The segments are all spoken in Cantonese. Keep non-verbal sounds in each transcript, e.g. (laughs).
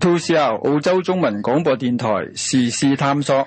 To Sir，澳洲中文廣播電台，時事探索。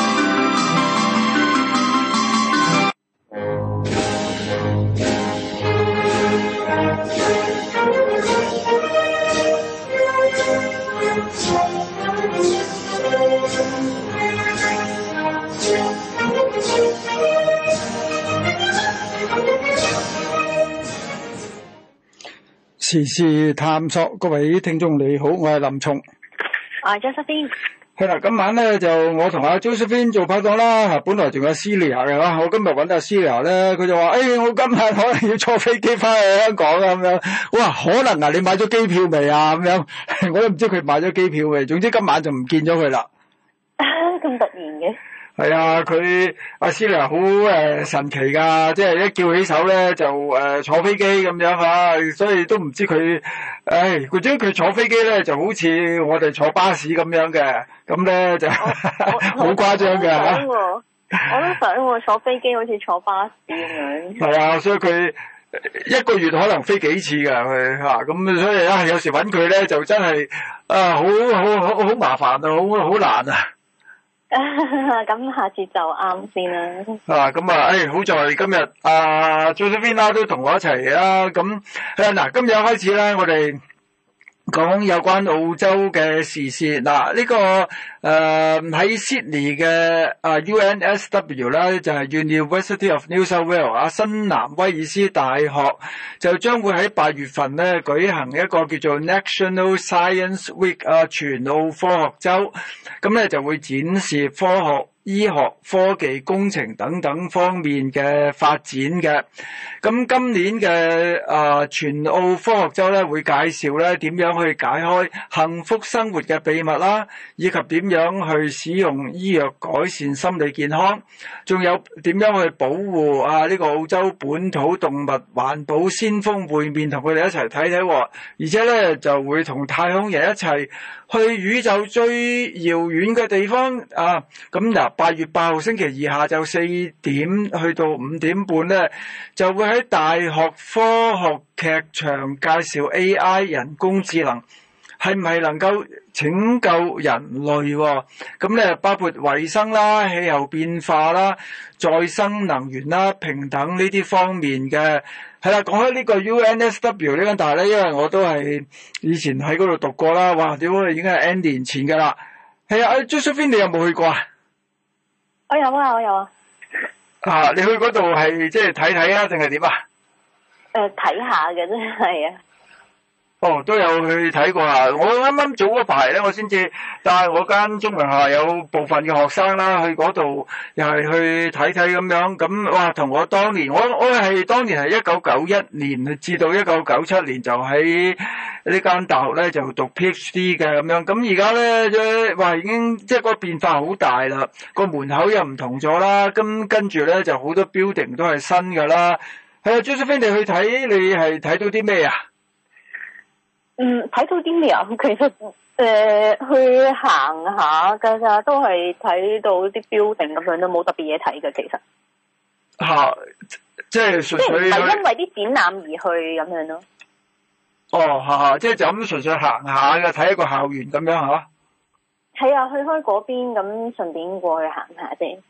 時事探索，各位聽眾你好，我係林聰。我係 Josephine。係啦，今晚咧就我同阿 Josephine 做拍檔啦。本來仲有 Siri 嘅啦我今日揾到 Siri 咧，佢就話：誒、欸，我今晚可能要坐飛機翻去香港啊咁樣。哇，可能嗱、啊，你買咗機票未啊？咁樣，我都唔知佢買咗機票未。總之今晚就唔見咗佢啦。咁、啊、突然嘅。係啊，佢阿斯里好誒神奇噶即係一叫起手咧就誒、呃、坐飛機咁樣吓、啊，所以都唔知佢，唉、哎，佢將佢坐飛機咧就好似我哋坐巴士咁樣嘅，咁咧就好誇張嘅，我都想，我想坐飛機好似坐巴士咁樣。係啊，所以佢一個月可能飛幾次噶佢吓，咁、啊、所以咧、啊、有時搵佢咧就真係啊好好好好麻煩啊，好好，好，好，好，好難啊。咁 (laughs) 下次就啱先啦。嗱，咁啊，哎，好在今日啊 Josephina 都同我一齊啊。咁嗱、啊，今日開始咧，我哋講有關澳洲嘅時事嗱，呢、啊這個。誒，喺、uh, Sydney 嘅誒 UNSW 咧就係 University of New South Wales 啊，新南威爾斯大學就將會喺八月份咧舉行一個叫做 National Science Week 啊全澳科學周，咁咧就會展示科學、醫學、科技、工程等等方面嘅發展嘅。咁今年嘅誒、uh, 全澳科學周咧會介紹咧點樣去解開幸福生活嘅秘密啦，以及點樣去使用醫藥改善心理健康，仲有點樣去保護啊呢、這個澳洲本土動物環保先鋒會面，同佢哋一齊睇睇喎。而且呢，就會同太空人一齊去宇宙最遙遠嘅地方啊。咁嗱，八月八號星期二下晝四點去到五點半呢，就會喺大學科學劇場介紹 AI 人工智能。係唔係能夠拯救人類，啊？咁咧，包括衛生啦、氣候變化啦、再生能源啦、平等呢啲方面嘅，係啦，啊。講開呢個 UNSW 呢間，大呢，咧，因為我都係以前喺嗰度讀過啦。哇，點解已經係 N 年前噶啦？係啊，啊 j u s i n 你有冇去過啊？我有啊，我有啊。啊，你去嗰度係即係睇睇啊，定係點啊？誒、呃，睇下嘅啫，係啊。哦，都有去睇過呀。我啱啱早嗰排咧，我先至帶我間中文學校有部分嘅學生啦，去嗰度又係去睇睇咁樣。咁哇，同我當年，我我係當年係一九九一年至到一九九七年就喺呢間大學咧就讀 PhD 嘅咁樣。咁而家咧，哇，已經即係個變化好大啦。個門口又唔同咗啦。咁跟住咧就好多 building 都係新噶啦。係啊 j o s i 你去睇你係睇到啲咩啊？嗯，睇到啲咩啊？其實誒、呃，去行下嘅都係睇到啲 building 咁樣都冇特別嘢睇嘅其實。吓、啊，即係純粹唔係，哦啊。即係因為啲展覽而去咁樣咯。哦，吓吓，即係就咁純粹行下嘅，睇一個校園咁樣吓。係啊，啊，去開嗰邊咁，順便過去行下先。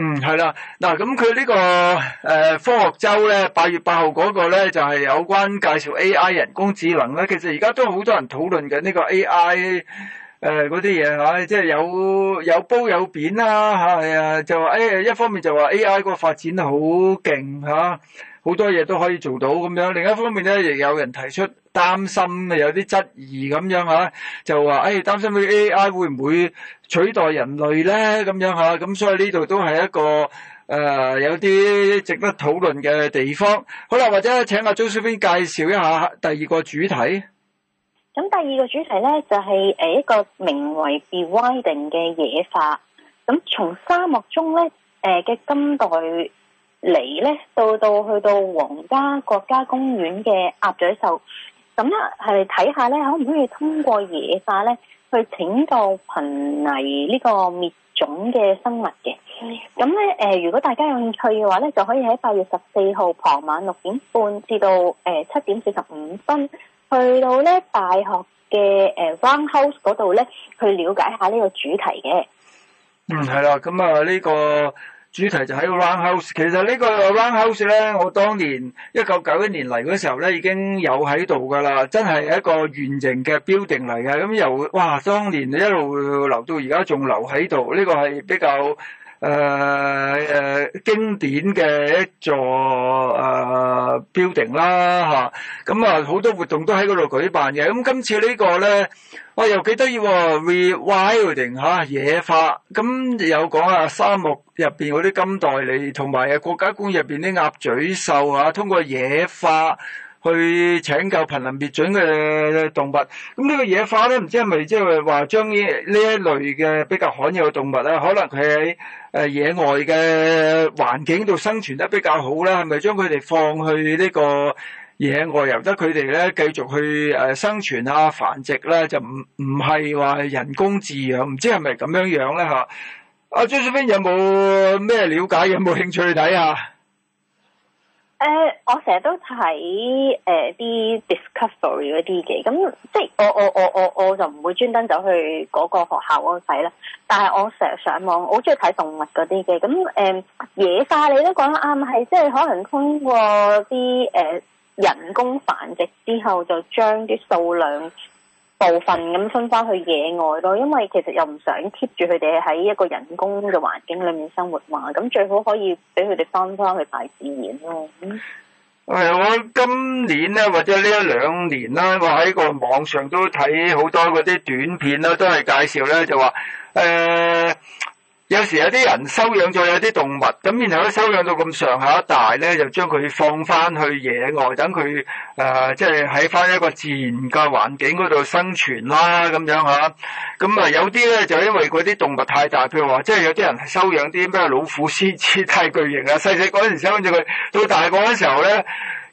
嗯，係啦，嗱、這個，咁佢呢個誒科學周咧，八月八號嗰個咧就係、是、有關介紹 AI 人工智能咧，其實而家都好多人討論緊呢個 AI 誒、呃、嗰啲嘢吓，即係有有褒有貶啦吓，係啊，就話、是、誒、啊、一方面就話 AI 個發展好勁吓。啊好多嘢都可以做到咁樣，另一方面咧，亦有人提出擔心，有啲質疑咁樣嚇，就話誒、哎、擔心佢 A.I. 會唔會取代人類咧咁樣嚇，咁所以呢度都係一個誒、呃、有啲值得討論嘅地方。好啦，或者請阿周小兵介紹一下第二個主題。咁第二個主題咧就係、是、一個名為 Rewinding 嘅嘢法。咁從沙漠中咧嘅金代。嚟咧，到到去到皇家國家公園嘅鴨嘴獸，咁咧係睇下咧，可唔可以通過野化咧，去拯救瀕危呢個滅種嘅生物嘅？咁咧，誒、呃，如果大家有興趣嘅話咧，就可以喺八月十四號傍晚六點半至到誒七點四十五分，去到咧大學嘅誒 Roundhouse 嗰度咧，去了解下呢個主題嘅。嗯，係啦，咁啊呢個。主題就喺個 Roundhouse，其實呢個 Roundhouse 咧，我當年一九九一年嚟嗰時候咧，已經有喺度噶啦，真係一個圓形嘅 building 嚟嘅。咁又哇，當年你一路留到而家仲留喺度，呢、這個係比較。誒誒經典嘅一座誒 building 啦嚇，咁啊好多活動都喺嗰度舉辦嘅。咁今次呢個咧，哇又幾得意喎！Rewilding 嚇野化，咁有講啊沙漠入邊嗰啲金袋狸，同埋啊國家公園入邊啲鴨嘴獸嚇，通過野化，去拯救瀕臨滅絕嘅動物，咁呢個野化咧，唔知係咪即係話將呢呢一類嘅比較罕有嘅動物咧，可能佢喺誒野外嘅環境度生存得比較好啦，係咪將佢哋放去呢個野外，由得佢哋咧繼續去誒生存啊繁殖咧，就唔唔係話人工飼養，唔知係咪咁樣樣咧吓？阿張少斌有冇咩了解？有冇興趣去睇下？誒、呃，我成日都睇誒啲 Discovery 嗰啲嘅，咁、呃、即係我我我我我就唔會專登走去嗰個學校嗰度睇啦。但係我成日上網，我好中意睇動物嗰啲嘅。咁誒、呃，野化你都講得啱，係、啊、即係可能通過啲誒、呃、人工繁殖之後，就將啲數量。部分咁分翻去野外咯，因為其實又唔想 keep 住佢哋喺一個人工嘅環境裏面生活嘛，咁最好可以俾佢哋翻翻去大自然咯。係我今年咧，或者呢一兩年啦，我喺個網上都睇好多嗰啲短片啦，都係介紹咧，就話誒。欸，有時有啲人收養咗有啲動物，咁然後咧收養到咁上下大咧，就將佢放翻去野外，等佢誒即係喺翻一個自然嘅環境嗰度生存啦，咁樣下，咁啊有啲咧就因為嗰啲動物太大，譬如話即係有啲人收養啲咩老虎、獅子太巨型啊，細細嗰陣時收養住佢，到大個嘅時候咧。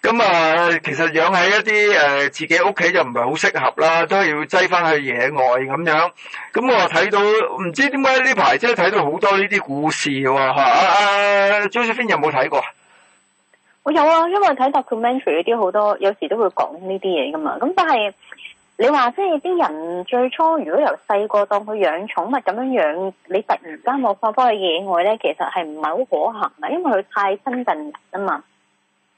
咁啊，其實養喺一啲誒自己屋企就唔係好適合啦，都係要擠翻去野外咁樣。咁我睇到唔知點解呢排真係睇到好多呢啲故事喎、啊啊、Josephine 有冇睇過？我有啊，因為睇 documentary 嗰啲好多，有時都會講呢啲嘢噶嘛。咁但係你話即係啲人最初如果由細個當佢養寵物咁樣養，你突然間冇放翻去野外咧，其實係唔係好可行啊？因為佢太親近人啊嘛。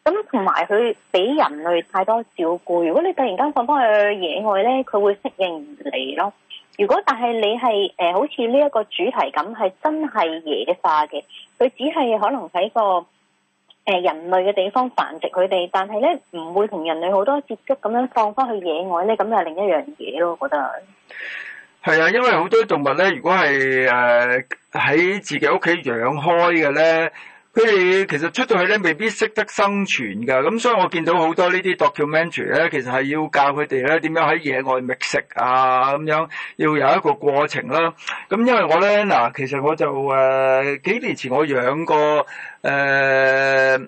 咁同埋佢俾人類太多照顧，如果你突然間放翻去野外咧，佢會適應唔嚟咯。如果但係你係、呃、好似呢一個主題咁，係真係野化嘅，佢只係可能喺個、呃、人類嘅地方繁殖佢哋，但係咧唔會同人類好多接觸，咁樣放翻去野外咧，咁又另一樣嘢咯，我覺得。係啊，因為好多動物咧，如果係喺、呃、自己屋企養開嘅咧。佢哋其實出到去咧，未必識得生存㗎。咁所以我見到好多呢啲 documentary 咧，其實係要教佢哋咧點樣喺野外覓食啊，咁樣要有一個過程啦。咁因為我咧嗱，其實我就、呃、幾年前我養過、呃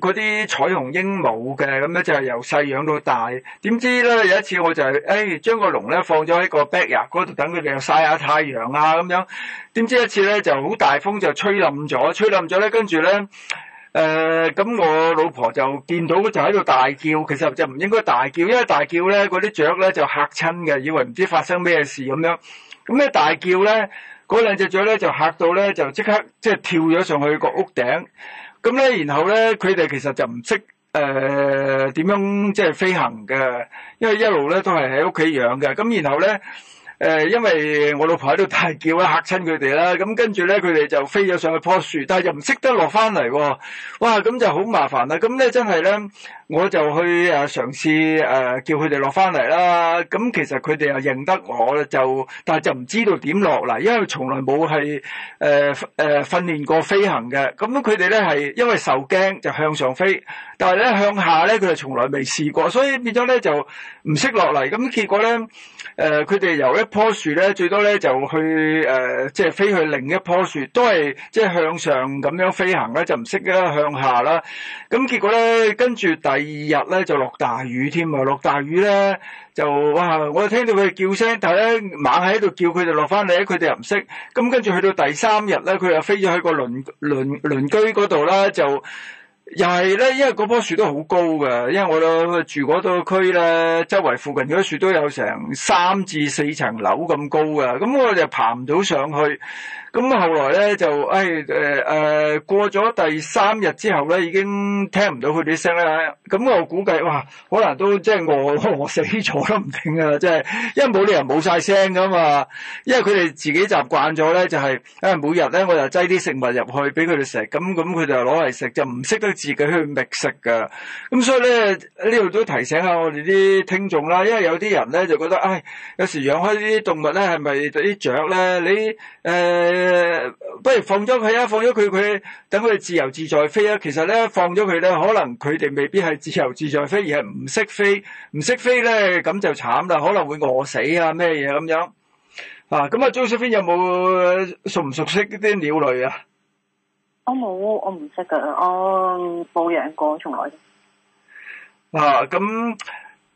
嗰啲彩虹鸚鵡嘅，咁咧就係由細養到大，點知咧有一次我就係誒將個籠咧放咗喺個 backyard 嗰度等佢哋曬下太陽啊咁樣，點知一次咧就好大風就吹冧咗，吹冧咗咧跟住咧誒咁我老婆就見到就喺度大叫，其實就唔應該大叫，因為大叫咧嗰啲雀咧就嚇親嘅，以為唔知發生咩事咁樣，咁咧大叫咧嗰兩隻雀咧就嚇到咧就即刻即係跳咗上去個屋頂。咁咧，然後咧，佢哋其實就唔識誒點樣即係飛行嘅，因為一路咧都係喺屋企養嘅。咁然後咧，誒、呃，因為我老婆喺度大叫啦，嚇親佢哋啦。咁跟住咧，佢哋就飛咗上去棵樹，但係又唔識得落翻嚟喎。哇！咁就好麻煩啦。咁咧，真係咧。我就去誒嘗試誒叫佢哋落翻嚟啦。咁其實佢哋又認得我咧，就但係就唔知道點落嚟，因為從來冇係誒誒訓練過飛行嘅。咁佢哋咧係因為受驚就向上飛，但係咧向下咧佢哋從來未試過，所以變咗咧就唔識落嚟。咁結果咧誒佢哋由一棵樹咧最多咧就去誒即係飛去另一棵樹，都係即係向上咁樣飛行咧就唔識啦向下啦。咁結果咧跟住第。第二日咧就落大雨添啊！落大雨咧就哇！我聽到佢叫聲，但係咧猛喺度叫佢就落翻嚟，佢哋又唔識。咁跟住去到第三日咧，佢又飛咗喺個鄰鄰鄰居嗰度啦，就又係咧，因為嗰棵樹都好高噶因為我住嗰度區咧，周圍附近嗰啲樹都有成三至四層樓咁高噶，咁我哋就爬唔到上去。咁後來咧就誒誒、哎呃、過咗第三日之後咧，已經聽唔到佢啲聲啦。咁我估計哇，可能都即係餓餓死咗都唔定㗎。即係、就是、因為冇理由冇曬聲㗎嘛，因為佢哋自己習慣咗咧，就係、是哎、每日咧，我就擠啲食物入去俾佢哋食，咁咁佢就攞嚟食，就唔識得自己去覓食㗎。咁所以咧，呢度都提醒下我哋啲聽眾啦，因為有啲人咧就覺得，唉、哎，有時養開呢啲動物咧，係咪啲雀咧？你、呃誒，不如放咗佢啊，放咗佢佢，等佢自由自在飛啊。其實咧，放咗佢咧，可能佢哋未必係自由自在飛，而係唔識飛，唔識飛咧，咁就慘啦，可能會餓死啊，咩嘢咁樣啊？咁啊，張，啊，雪芬，啊，有冇熟唔熟悉呢啲鳥類啊？我冇，我唔識噶，我冇養過，從來啊，咁，啊，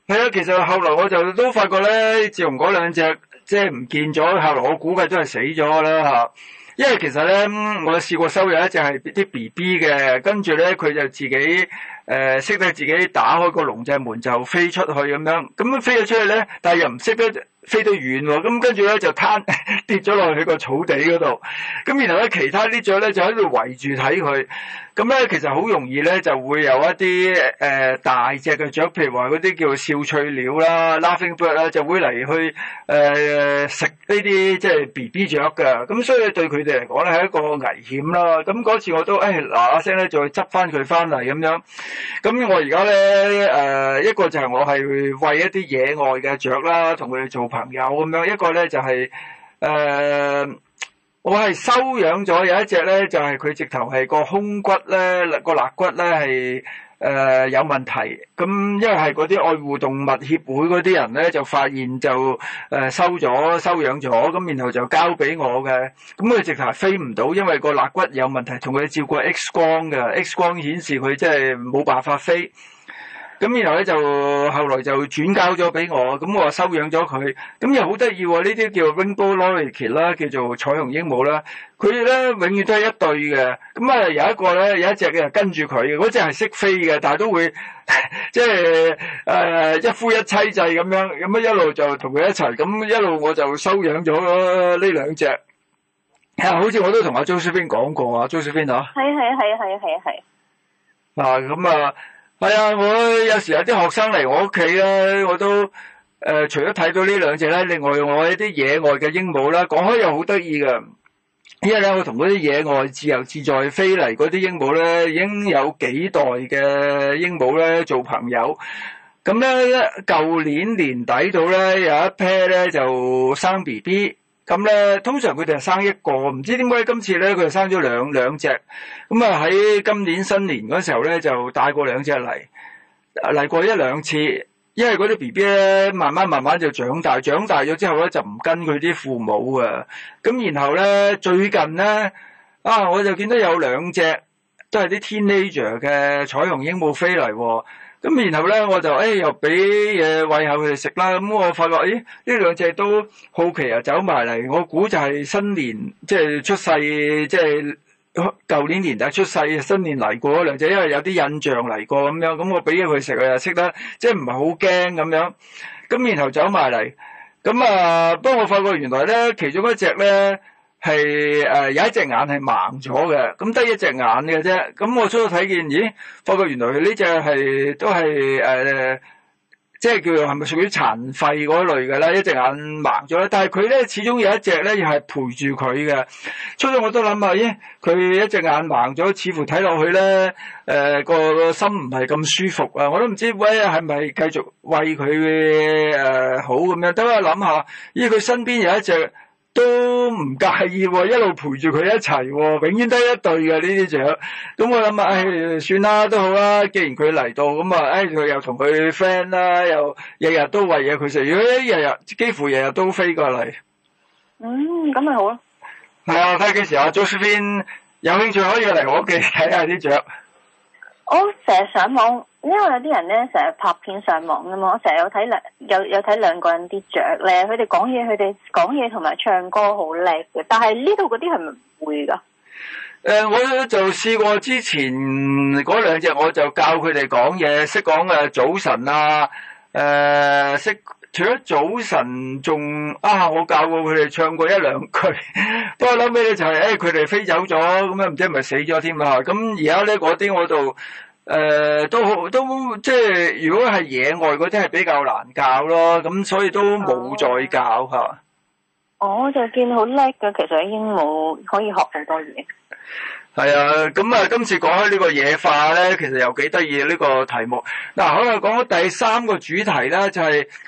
係啊，其實後來我就都發覺咧，自從嗰兩隻。即係唔見咗，後來我估計都係死咗啦吓。因為其實咧，我試過收養一隻係啲 B B 嘅，跟住咧佢就自己誒、呃、識得自己打開個籠仔門就飛出去咁樣，咁飛咗出去咧，但係又唔識得。飛到遠，喎，咁跟住咧就攤跌咗落去個草地嗰度，咁然後咧其他啲雀咧就喺度圍住睇佢，咁咧其實好容易咧就會有一啲誒、呃、大隻嘅雀，譬如話嗰啲叫笑翠鳥啦、Laughingbird 啦，就會嚟去誒食呢啲即係 B B 雀嘅，咁所以對佢哋嚟講咧係一個危險啦。咁嗰次我都誒嗱嗱聲咧再執翻佢翻嚟咁樣，咁我而家咧誒一個就係我係餵一啲野外嘅雀啦，同佢哋做朋友咁樣，一個咧就係誒，我係收養咗有一隻咧，就係佢直頭係個胸骨咧，個肋骨咧係誒有問題。咁因為係嗰啲愛護動物協會嗰啲人咧就發現就誒收咗收養咗，咁然後就交俾我嘅。咁佢直頭係飛唔到，因為個肋骨有問題，同佢照過 X 光嘅，X 光顯示佢即係冇辦法飛。咁然後咧就後來就轉交咗俾我，咁我收養咗佢。咁又好得意喎，呢啲叫 Rainbow Lorikeet 啦，叫做彩虹鸚鵡啦。佢咧永遠都係一對嘅。咁啊有一個咧有一隻嘅跟住佢，嗰隻係識飛嘅，但係都會即係、 (laughs) 就是呃、一夫一妻制咁樣，咁啊一路就同佢一齊。咁一路我就收養咗呢兩隻。係啊，好似我都同阿周小編講過啊，周小編啊，係係係係，嗱咁啊～係啊、哎，我有時有啲學生嚟我屋企咧，我都誒、呃，除咗睇到呢兩隻咧，另外我一啲野外嘅鸚鵡啦。講開又好得意噶因為咧我同嗰啲野外自由自在飛嚟嗰啲鸚鵡咧，已經有幾代嘅鸚鵡咧做朋友，咁咧舊年年底到咧有一批咧就生 B B。咁咧，通常佢哋係生一個，唔知點解今次咧佢就生咗兩兩隻。咁啊喺今年新年嗰時候咧，就帶過兩隻嚟嚟過一兩次。因為嗰啲 B B 咧，慢慢慢慢就長大，長大咗之後咧就唔跟佢啲父母啊。咁然後咧最近咧啊，我就見到有兩隻都係啲 teenager 嘅彩虹鸚鵡飛嚟喎。咁然後咧，我就誒、哎、又俾嘢餵下佢哋食啦。咁我發覺，咦、哎？呢兩隻都好奇啊，走埋嚟。我估就係新年，即係出世，即係舊年年底出世，新年嚟過兩隻，因為有啲印象嚟過咁樣。咁我俾嘢佢食，佢又識得，即係唔係好驚咁樣。咁然後走埋嚟。咁啊，不過我發覺原來咧，其中一隻咧。係誒、呃，有一隻眼是了的只有一隻眼係盲咗嘅，咁得一隻眼嘅啫。咁我初初睇見，咦，發覺原來呢隻係都係誒、呃，即係叫做係咪屬於殘廢嗰類嘅咧？一隻眼盲咗，但係佢咧始終有一隻咧，又係陪住佢嘅。初初我都諗下，咦，佢一隻眼盲咗，似乎睇落去咧，誒、呃、個、個心唔係咁舒服啊！我都唔知道喂係咪繼續喂佢誒好咁樣，等我諗下。咦，佢身邊有一隻。都唔介意喎、哦，一路陪住佢一齊喎、哦，永遠都係一對嘅呢啲雀。咁我諗啊，唉、哎，算啦都好啦，既然佢嚟到，咁啊，唉、哎，佢又同佢 friend 啦，又日日都喂嘢佢食，如果日日幾乎日日都飛過嚟，嗯，咁咪好咯。係啊，睇幾時啊，Josephine 有興趣可以嚟我屋企睇下啲雀。我成日上網，因為有啲人呢，成日拍片上網㗎嘛，我成日有睇兩有有睇兩個人啲雀呢，佢哋講嘢，佢哋講嘢同埋唱歌好叻嘅，但係呢度嗰啲係咪唔會㗎？誒、呃，我就試過之前嗰兩隻，我就教佢哋講嘢，識講誒早晨啊，誒、呃、識。除咗早晨仲啊，我教過佢哋唱過一兩句 (laughs) 不、就是哎，不過諗起咧就係，誒，佢哋飛走咗，咁啊唔知係咪死咗添嘛？咁而家咧嗰啲我就誒都好都即係，如果係野外嗰啲係比較難教咯，咁所以都冇再教吓、啊。我就見好叻嘅，其實鸚鵡可以學咁多嘢。係啊，咁啊，今次講開呢個野化咧，其實又幾得意呢個題目。嗱、啊，可能講第三個主題呢，就係、是。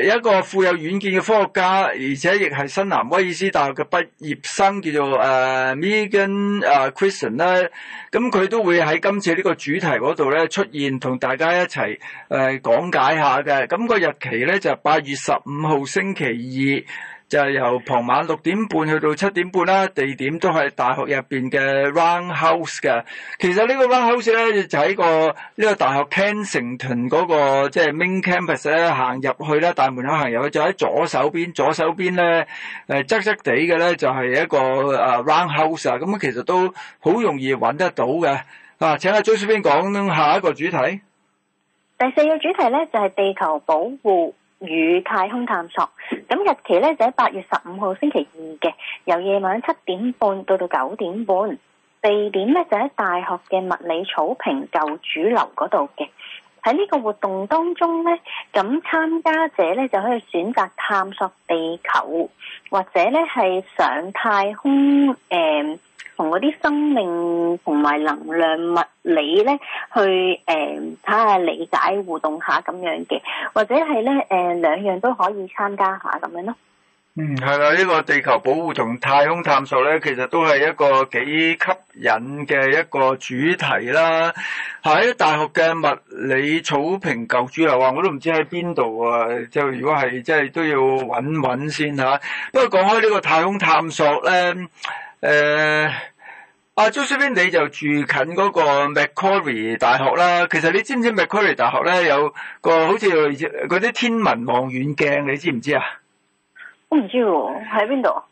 一個富有遠見嘅科學家，而且亦係新南威爾斯大學嘅畢業生，叫做誒、呃、Megan 誒 Christian 咧，咁佢都會喺今次呢個主題嗰度咧出現，同大家一齊誒、呃、講解一下嘅。咁、那個日期咧就係、是、八月十五號星期二。就係由傍晚六點半去到七點半啦，地點都係大學入面嘅 Round House 嘅。其實呢個 Round House 咧就喺個呢個大學 c a i p 成屯嗰個即係 Main Campus 咧行入去啦，大門口行入去就喺左手邊，左手邊咧誒側側地嘅咧就係一個 Round House 啊。咁其實都好容易揾得到嘅。啊，請阿張書編講下一個主題。第四個主題咧就係地球保護。與太空探索，咁日期咧就喺八月十五號星期二嘅，由夜晚七點半到到九點半。地點咧就喺大學嘅物理草坪舊主樓嗰度嘅。喺呢個活動當中咧，咁參加者咧就可以選擇探索地球，或者咧係上太空誒。呃同嗰啲生命同埋能量物理咧，去誒睇下理解互動下咁樣嘅，或者係咧誒兩樣都可以參加下咁樣咯。嗯，係啦，呢個地球保護同太空探索咧，其實都係一個幾吸引嘅一個主題啦。喺大學嘅物理草坪舊主樓啊，我都唔知喺邊度啊，就如果係即係都要揾揾先吓、啊。不過講開呢個太空探索咧～誒，阿朱小傅，你就住近嗰個 Macquarie 大學啦。其實你知唔知 Macquarie 大學咧，有個好似嗰啲天文望遠鏡，你知唔知啊？我唔知喎，喺邊度啊？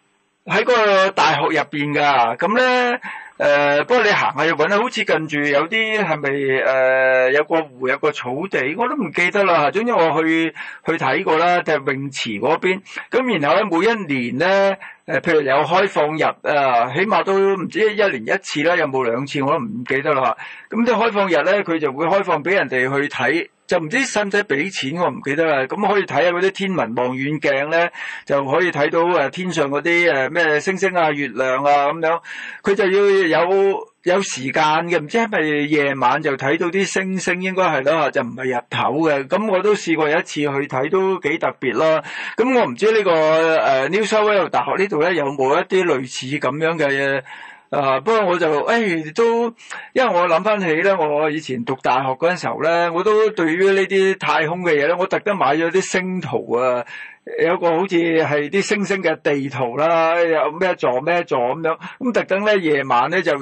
喺個大學入邊噶，咁咧。誒、呃，不過你行下去搵，好似近住有啲係咪誒，有個湖，有個草地，我都唔記得啦。總之我去去睇過啦，就係泳池嗰邊。咁然後咧，每一年咧，誒、呃，譬如有開放日啊，起碼都唔知一年一次啦，有冇兩次我都唔記得啦。吓，咁即係開放日咧，佢就會開放俾人哋去睇，就唔知使唔使俾錢，我唔記得啦。咁可以睇下嗰啲天文望遠鏡咧，就可以睇到天上嗰啲咩星星啊、月亮啊咁樣。佢就要有有時間嘅，唔知係咪夜晚就睇到啲星星，應該係囉，就唔係日頭嘅。咁我都試過有一次去睇，都幾特別啦。咁我唔知呢個、呃、New South Wales 大學呢度咧有冇一啲類似咁樣嘅。啊！不過我就誒都，因為我諗翻起咧，我以前讀大學嗰陣時候咧，我都對於呢啲太空嘅嘢咧，我特登買咗啲星圖啊，有一個好似係啲星星嘅地圖啦，有咩座咩座咁樣。咁特登咧夜晚咧就嚇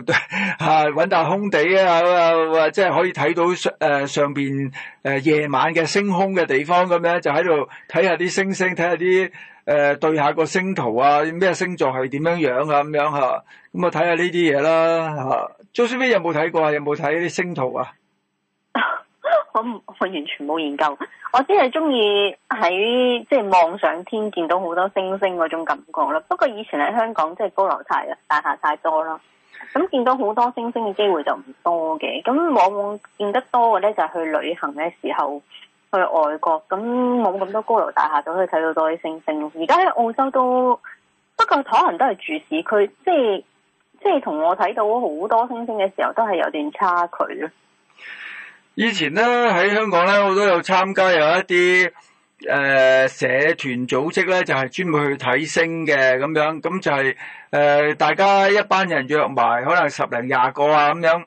揾下空地啊，咁啊即係可以睇到誒上邊誒夜晚嘅星空嘅地方咁咧，就喺度睇下啲星星，睇下啲誒對下個星圖啊，咩星座係點樣樣啊咁樣嚇。咁啊，睇下呢啲嘢啦吓。周張書有冇睇過啊？有冇睇啲星圖啊？我 (laughs) 我完全冇研究，我只係中意喺即係望上天，見到好多星星嗰種感覺啦。不過以前喺香港，即係高樓大廈太多啦，咁見到好多星星嘅機會就唔多嘅。咁往往見得多嘅咧，就係去旅行嘅時候去外國，咁冇咁多高樓大廈，就可以睇到多啲星星。而家喺澳洲都，不過可能都係住市區，即係。即係同我睇到好多星星嘅時候，都係有段差距咯。以前咧喺香港咧，我都有參加有一啲誒、呃、社團組織咧，就係、是、專門去睇星嘅咁樣。咁就係、是、誒、呃、大家一班人約埋，可能十零廿個啊咁樣。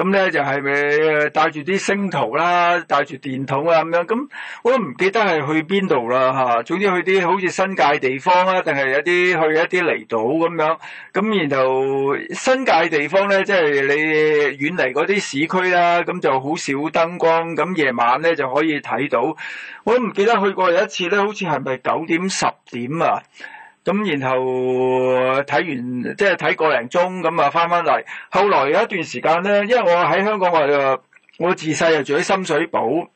咁咧就係咪帶住啲星圖啦，帶住電筒啊咁樣？咁我都唔記得係去邊度啦嚇。總之去啲好似新界地方啦，定係有啲去一啲離島咁樣。咁然後新界地方咧，即係你遠離嗰啲市區啦，咁就好少燈光，咁夜晚咧就可以睇到。我都唔記得去過有一次咧，好似係咪九點十點啊？咁然後睇完即係睇個零鐘咁啊，翻翻嚟。後來有一段時間咧，因為我喺香港，我啊我自細就住喺深水埗，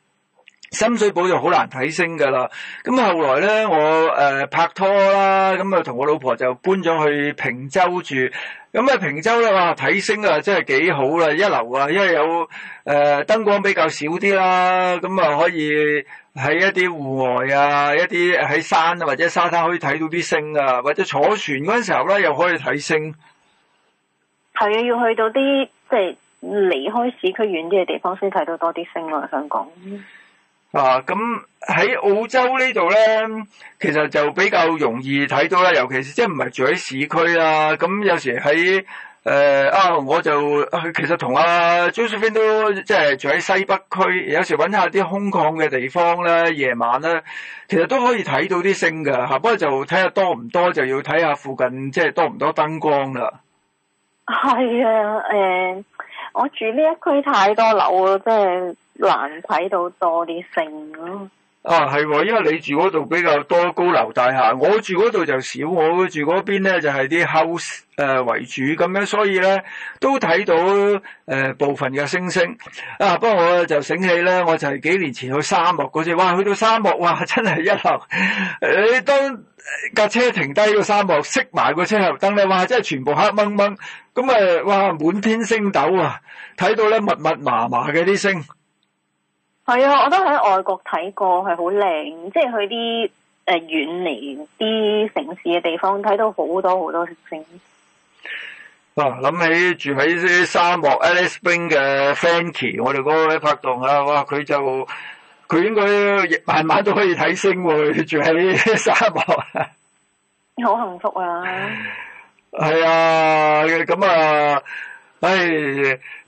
深水埗就好難睇星噶啦。咁後來咧，我、呃、拍拖啦，咁啊同我老婆就搬咗去平洲住。咁啊平洲咧哇，睇星啊真係幾好啦，一流啊，因為有、呃、燈光比較少啲啦，咁、嗯、啊可以。喺一啲戶外啊，一啲喺山、啊、或者沙灘可以睇到啲星啊，或者坐船嗰陣時候咧，又可以睇星、啊。係啊，要去到啲即係離開市區遠啲嘅地方先睇到多啲星咯，我想講。啊，咁喺澳洲這裡呢度咧，其實就比較容易睇到啦，尤其是即係唔係住喺市區啦、啊，咁有時喺。誒、呃、啊，我就其實同阿、啊、Josephine 都即係住喺西北區，有時搵下啲空曠嘅地方咧，夜晚咧，其實都可以睇到啲星噶吓，不過就睇下多唔多，就要睇下附近即係多唔多燈光啦。係啊，誒、呃，我住呢一區太多樓咯，即係難睇到多啲星咯。啊，係，因為你住嗰度比較多高樓大廈，我住嗰度就少。我住嗰邊咧就係、是、啲 house 誒、呃、為主，咁樣所以咧都睇到誒、呃、部分嘅星星。啊，不過我就醒起咧，我就係幾年前去沙漠嗰隻，哇，去到沙漠哇，真係一流。你、呃、當架車停低個沙漠，熄埋個車頭燈咧，哇，真係全部黑掹掹，咁、嗯、啊，哇，滿天星斗啊，睇到咧密密麻麻嘅啲星。係啊，我都喺外國睇過，係好靚，即係去啲誒遠離啲城市嘅地方，睇到好多好多星星。啊，諗起住喺啲沙漠 Alice Springs 嘅 Fanky，我哋嗰個拍檔啊，哇，佢就佢應該慢慢都可以睇星喎，住喺沙漠。好幸福啊！係啊，咁啊。唉，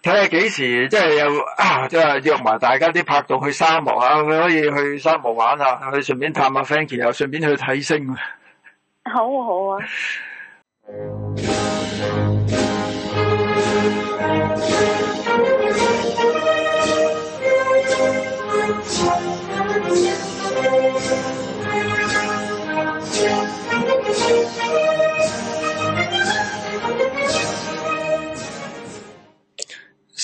睇下幾時，即係又啊，即係約埋大家啲拍檔去沙漠啊，可以去沙漠玩下，去順便探下 Frankie，然又順便去睇星。好好啊！ (laughs)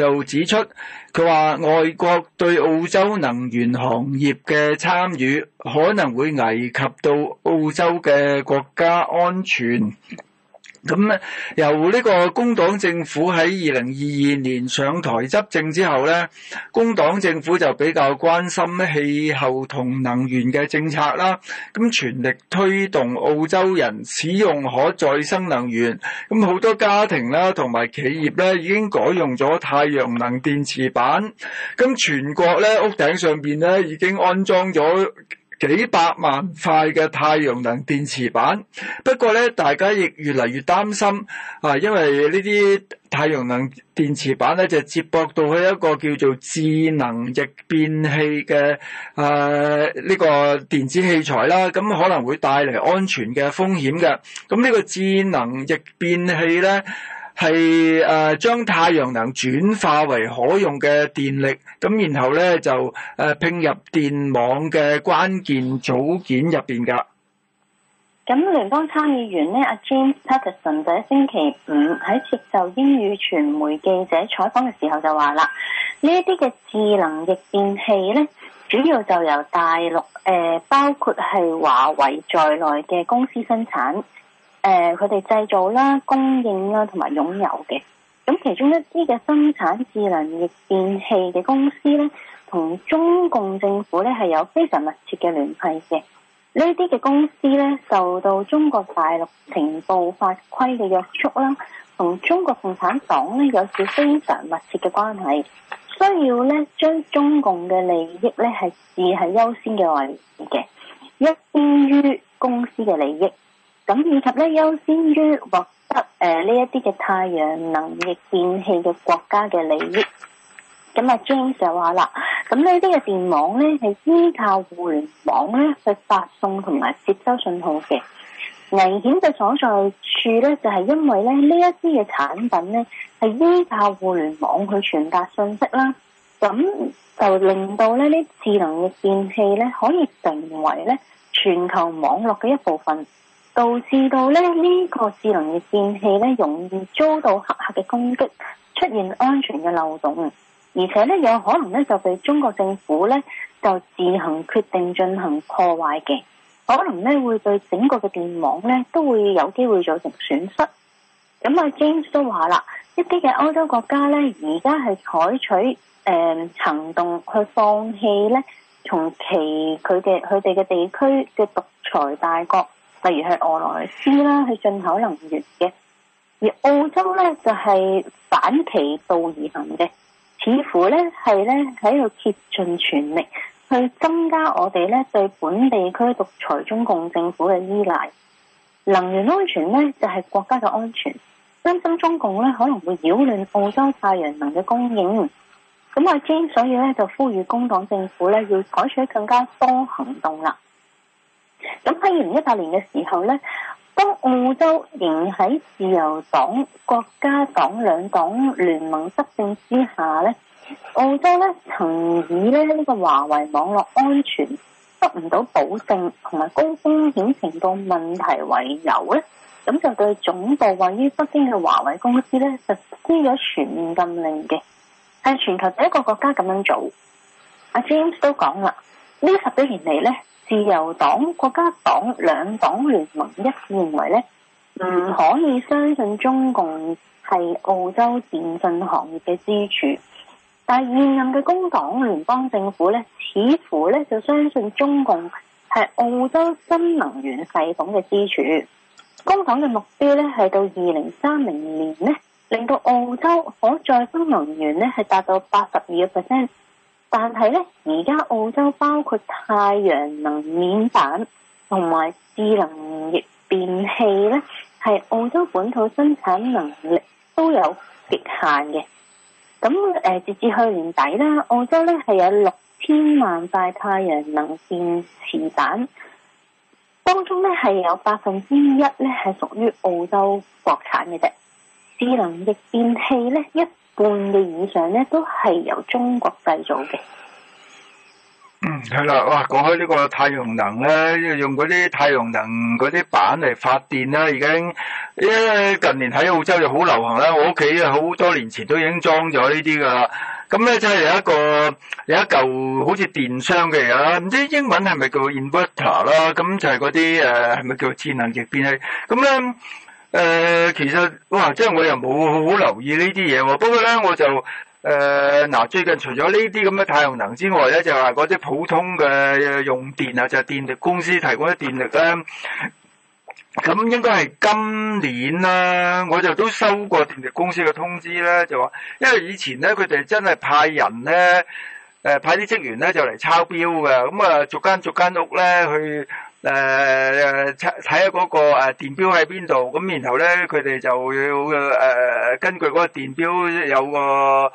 就指出，佢話外國對澳洲能源行業嘅參與可能會危及到澳洲嘅國家安全。咁咧，由呢個工黨政府喺二零二二年上台執政之後咧，工黨政府就比較關心氣候同能源嘅政策啦。咁全力推動澳洲人使用可再生能源，咁好多家庭啦同埋企業咧已經改用咗太陽能電池板。咁全國咧屋頂上面咧已經安裝咗幾百萬塊嘅太陽能電池板，不過咧，大家亦越嚟越擔心啊，因為呢啲太陽能電池板咧就接駁到去一個叫做智能逆變器嘅誒呢個電子器材啦，咁可能會帶嚟安全嘅風險嘅。咁呢個智能逆變器咧。係誒，將、呃、太陽能轉化為可用嘅電力，咁然後咧就誒、呃、拼入電網嘅關鍵組件入邊噶。咁聯邦參議員咧阿 James Patterson 喺星期五喺接受英語傳媒記者採訪嘅時候就話啦，呢一啲嘅智能逆變器咧，主要就由大陸誒、呃、包括係華為在內嘅公司生產。誒，佢哋製造啦、供應啦，同埋擁有嘅。咁其中一啲嘅生產智能逆變器嘅公司呢，同中共政府呢係有非常密切嘅聯繫嘅。呢啲嘅公司呢，受到中國大陸情報法規嘅約束啦，同中國共產黨呢有住非常密切嘅關係，需要呢將中共嘅利益呢係視係優先嘅位置嘅，一邊於公司嘅利益。咁以及咧，優先於獲得誒呢一啲嘅太陽能逆電器嘅國家嘅利益。咁阿 James 就話啦，咁呢啲嘅電網咧，係依靠互聯網咧去發送同埋接收訊號嘅。危險嘅所在處咧，就係、是、因為咧呢這一啲嘅產品咧係依靠互聯網去傳達信息啦。咁就令到咧呢智能逆電器咧可以成為咧全球網絡嘅一部分。導致到咧呢個智能嘅電器咧，容易遭到黑客嘅攻擊，出現安全嘅漏洞，而且咧有可能咧就被中國政府咧就自行決定進行破壞嘅，可能咧會對整個嘅電網咧都會有機會造成損失。咁阿 James 都話啦，一啲嘅歐洲國家咧而家係採取呃、行動去放棄咧，從其佢嘅佢哋嘅地區嘅獨裁大國。例如係去俄羅斯啦，去進口能源嘅；而澳洲咧就係反其道而行嘅，似乎咧係咧喺度竭盡全力去增加我哋咧對本地區獨裁中共政府嘅依賴。能源安全咧就係國家嘅安全，擔心中共咧可能會擾亂澳洲太陽能嘅供應。咁啊，之所以咧就呼籲工黨政府咧要採取更加多行動啦。咁喺二零一八年嘅時候咧，當澳洲仍喺自由黨、國家黨兩黨聯盟執政之下咧，澳洲咧曾以咧呢個華為網絡安全得唔到保證同埋高風險程度問題為由咧，咁就對總部位於北京嘅華為公司咧實施咗全面禁令嘅，係全球第一個國家咁樣做。阿 James 都講啦。呢十幾年嚟呢，自由黨、國家黨兩黨聯盟一致認為呢，唔可以相信中共係澳洲電信行業嘅支柱。但係現任嘅工黨聯邦政府呢，似乎呢就相信中共係澳洲新能源系統嘅支柱。工黨嘅目標呢，係到二零三零年呢，令到澳洲可再生能源呢係達到八十二個 percent。但係咧，而家澳洲包括太陽能面板同埋智能逆變器咧，係澳洲本土生產能力都有極限嘅。咁誒、呃，直至去年底啦，澳洲咧係有六千萬塊太陽能電池板，當中咧係有百分之一咧係屬於澳洲國產嘅啫。智能逆變器咧，一半嘅以上咧都係由中國製造嘅。嗯，係啦，哇！講開呢個太陽能咧，用嗰啲太陽能嗰啲板嚟發電啦。已經，因為近年喺澳洲就好流行啦。我屋企好多年前都已經裝咗呢啲噶啦。咁咧就係有一個有一嚿好似電箱嘅嘢啦，唔知英文係咪叫 inverter 啦？咁就係嗰啲誒係咪叫智能逆變器？咁咧。誒、呃，其實哇，即係我又冇好留意呢啲嘢喎。不過咧，我就誒，嗱、呃，最近除咗呢啲咁嘅太陽能之外咧，就係嗰啲普通嘅用電啊，就係、是、電力公司提供嘅電力咧。咁應該係今年啦，我就都收過電力公司嘅通知咧，就話，因為以前咧，佢哋真係派人咧，誒，派啲職員咧就嚟抄表嘅，咁、嗯、啊，逐間逐間屋咧去。誒，睇下嗰個誒電表喺邊度，咁然後咧，佢哋就要誒、呃、根據嗰個電表有個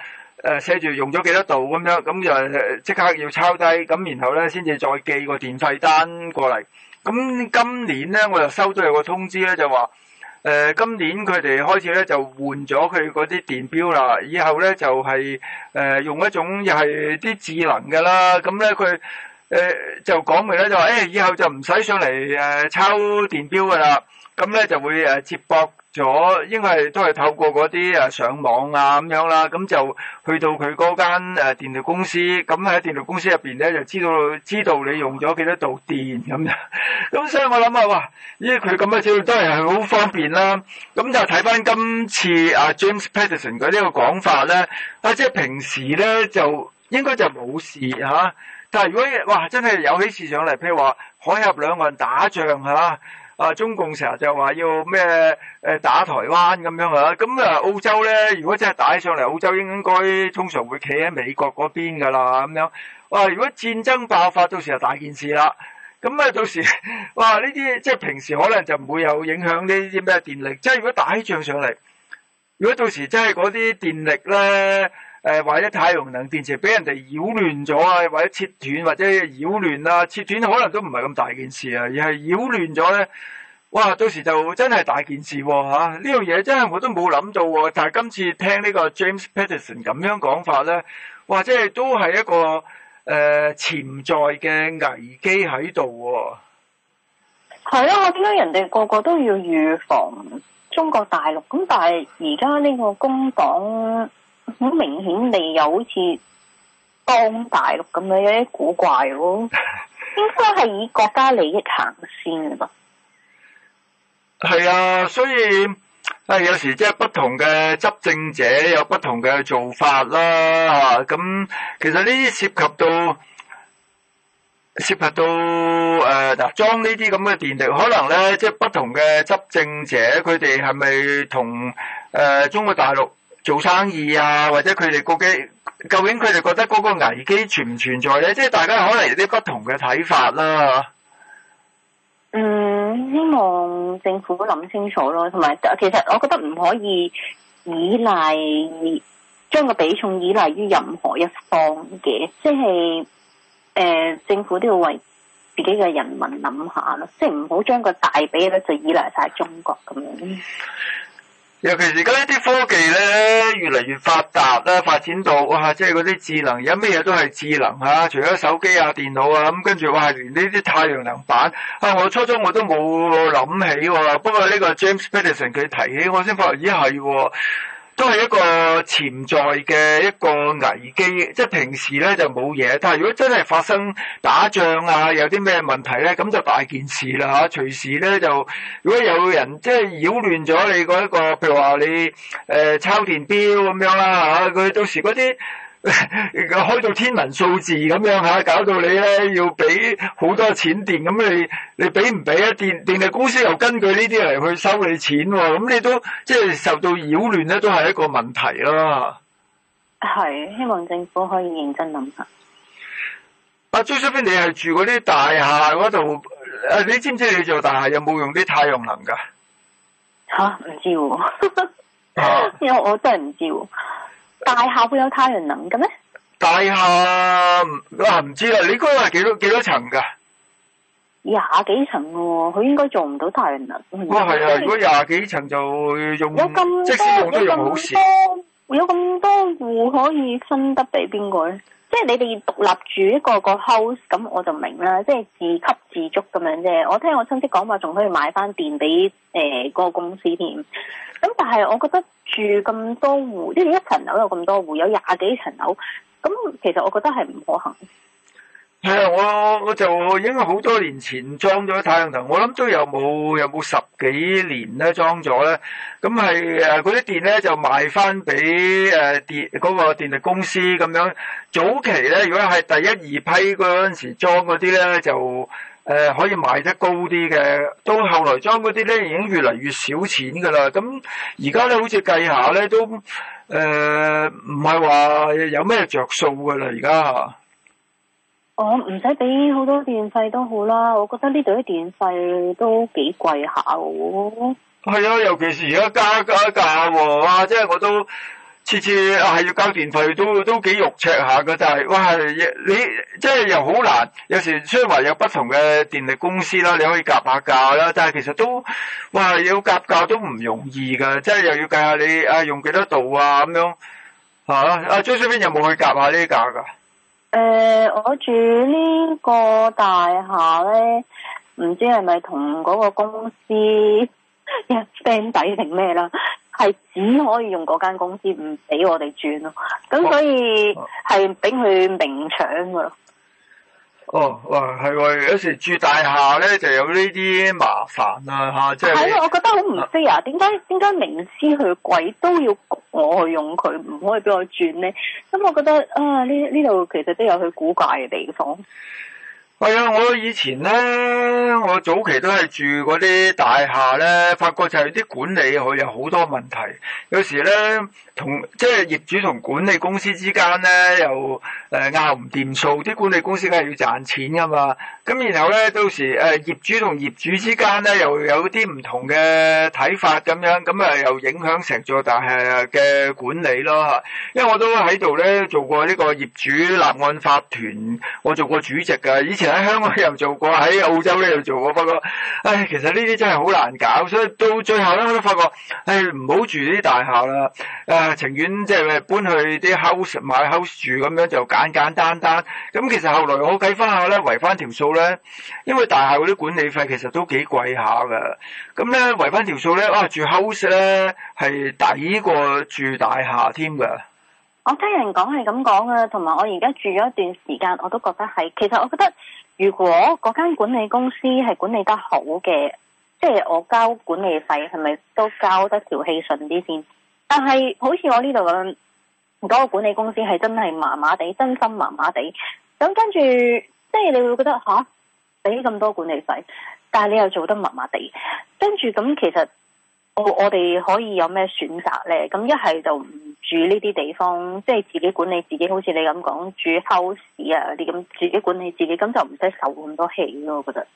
誒寫住用咗幾多度咁樣，咁就即刻要抄低，咁然後咧先至再寄個電費單過嚟。咁今年咧，我就收咗有個通知咧，就話誒、呃、今年佢哋開始咧就換咗佢嗰啲電表啦，以後咧就係、是、誒、呃、用一種又係啲智能㗎啦，咁咧佢。誒、呃，就講明咧就話，誒、欸，以後就唔使上嚟誒、呃、抄電表噶啦，咁咧就會誒接駁咗，應該係都係透過嗰啲誒上網啊咁樣啦，咁就去到佢嗰間誒電力公司，咁喺電力公司入邊咧就知道知道你用咗幾多度電咁，咁所以我諗下，哇，依佢咁嘅照料都係好方便啦，咁就睇翻今次阿 James Patterson 嗰啲個講法咧，啊，即係、啊、平時咧就應該就冇事吓。啊但嗱，如果哇，真係有起事上嚟，譬如話海峽兩岸打仗嚇，啊、啊中共成日就話要咩誒、啊、打台灣咁樣啊。咁啊澳洲咧，如果真係打起上嚟，澳洲應該通常會企喺美國嗰邊噶啦咁樣。哇、啊，如果戰爭爆發到時，大件事啦。咁啊到時候，哇呢啲即係平時可能就唔會有影響呢啲咩電力。即係如果打起仗上嚟，如果到時候真係嗰啲電力咧～誒、呃，或者太陽能電池俾人哋擾亂咗啊，或者切斷或者擾亂啊，切斷可能都唔係咁大件事啊，而係擾亂咗咧，哇，到時就真係大件事吓、啊，呢樣嘢真係我都冇諗到、啊，但係今次聽呢個 James Patterson 咁樣講法咧，嘩，即、就、係、是、都係一個誒潛、呃、在嘅危機喺度。係啊，我點解人哋個個都要預防中國大陸？咁但係而家呢個工黨？好明顯你又好似當大陸咁樣，有啲古怪咯。應該係以國家利益行先嘅噃。係啊，所以啊，有時即係不同嘅執政者有不同嘅做法啦。吓，咁其實呢啲涉及到涉及到誒，嗱裝呢啲咁嘅電力，可能咧即係不同嘅執政者，佢哋係咪同誒中國大陸？做生意啊，或者佢哋嗰啲，究竟佢哋覺得嗰個危機存唔存在咧？即係大家可能有啲不同嘅睇法啦。嗯，希望政府都諗清楚咯，同埋其實我覺得唔可以依賴將個比重依賴於任何一方嘅，即係誒、呃、政府都要為自己嘅人民諗下咯，即係唔好將個大比重就依賴晒中國咁樣。尤其是而家呢啲科技咧，越嚟越發達啦，啊，發展到哇，即係嗰啲智能，有咩嘢都係智能嚇，啊，除咗手機啊、電腦啊，咁跟住話係連呢啲太陽能板啊，我初初我都冇諗起喎，啊，不過呢個 James Patterson 佢提起我先發覺，咦係喎。都係一個潛在嘅一個危機，即係平時咧就冇嘢，但係如果真係發生打仗啊，有啲咩問題咧，咁就大件事啦嚇。隨時咧就，如果有人即係擾亂咗你嗰一個，譬如話你誒抄電表咁樣啦嚇，佢到時嗰啲， (laughs) 開到天文數字咁樣吓，搞到你咧要俾好多錢電，咁你你俾唔俾啊？電電力公司又根據呢啲嚟去收你錢，咁你都即係受到擾亂咧，都係一個問題咯。係希望政府可以認真諗下。阿朱叔，邊你係住嗰啲大廈嗰度？誒，你知唔知你做大廈有冇用啲太陽能噶？吓、啊，唔知、啊， (laughs) 因為我真係唔知、啊。大廈會有太陽能嘅咩？大廈我唔知啦，你嗰個係幾多幾多層噶？廿幾層喎，佢應該做唔到太陽能。哇、哦，係啊其實！如果廿幾層就用，有咁多，即使用都用唔好事。有咁多戶可以分得俾邊個咧？即係你哋獨立住一個一個 house，咁我就明啦。即係自給自足咁樣啫。我聽我親戚講話，仲可以買翻電俾誒、呃嗰個公司添。咁但係我覺得住咁多戶，即係你一層樓有咁多戶，有廿幾層樓，咁其實我覺得係唔可行。係啊，我我就已經好多年前裝咗太陽能，我諗都有冇有冇十幾年咧裝咗咧，咁係誒嗰啲電咧就賣翻俾誒電嗰個電力公司咁樣。早期咧，如果係第一二批嗰陣時裝嗰啲咧，就誒、呃、可以賣得高啲嘅，到後來裝嗰啲咧已經越嚟越少錢噶啦。咁而家咧好似計下咧都誒唔係話有咩着數噶啦，而家。我唔使俾好多電費都好啦，我覺得呢度啲電費都幾貴下喎。係啊，尤其是而家加加價喎，哇！即係我都次次係、啊、要交電費，都都幾肉赤下噶。就係哇，你即係又好難。有時雖然話有不同嘅電力公司啦，你可以夾下價啦，但係其實都哇要夾價都唔容易噶。即係又要計下你啊用幾多度啊咁樣吓。阿張小姐有冇去夾下呢啲價噶？誒、呃，我住呢個大廈咧，唔知係咪同嗰個公司一 friend 底定咩啦，係只可以用嗰間公司唔俾我哋轉咯，咁所以係俾佢明搶噶咯。哦，哇，係喎，有時住大廈咧就有呢啲麻煩啦吓，即係。係、咯、我覺得好唔 fair，點解點解明知佢貴都要我去用佢，唔可以俾我轉咧？咁、嗯、我覺得啊，呢呢度其實都有佢古怪嘅地方。係啊！我以前咧，我早期都係住嗰啲大廈咧，發覺就係啲管理佢有好多問題。有時咧，同即係業主同管理公司之間咧，又誒拗唔掂數。啲、呃、管理公司梗係要賺錢噶嘛。咁然後咧，到時誒、呃、業主同業主之間咧，又有啲唔同嘅睇法咁樣，咁啊又影響成座大廈嘅管理咯。吓，因為我都喺度咧做過呢個業主立案法團，我做過主席噶以前。就喺香港又做過，喺澳洲呢度做過，不過唉，其實呢啲真係好難搞，所以到最後咧我都發覺，唉，唔好住呢啲大廈啦，誒、呃，情願即係搬去啲 house 買 house 住咁樣就簡簡單單。咁其實後來我計翻下咧，圍翻條數咧，因為大廈嗰啲管理費其實都幾貴下噶，咁咧圍翻條數咧，啊住 house 咧係抵過住大廈添噶。我聽人講係咁講啊，同埋我而家住咗一段時間，我都覺得係。其實我覺得，如果嗰間管理公司係管理得好嘅，即係我交管理費係咪都交得條氣順啲先？但係好似我呢度咁，嗰個管理公司係真係麻麻地，真心麻麻地。咁跟住，即係你會覺得吓，俾咁多管理費，但係你又做得麻麻地，跟住咁其實。我我哋可以有咩選擇咧？咁一係就唔住呢啲地方，即係自己管理自己，好似你咁講住 house 啊啲咁，你自己管理自己，咁就唔使受咁多氣咯。我覺得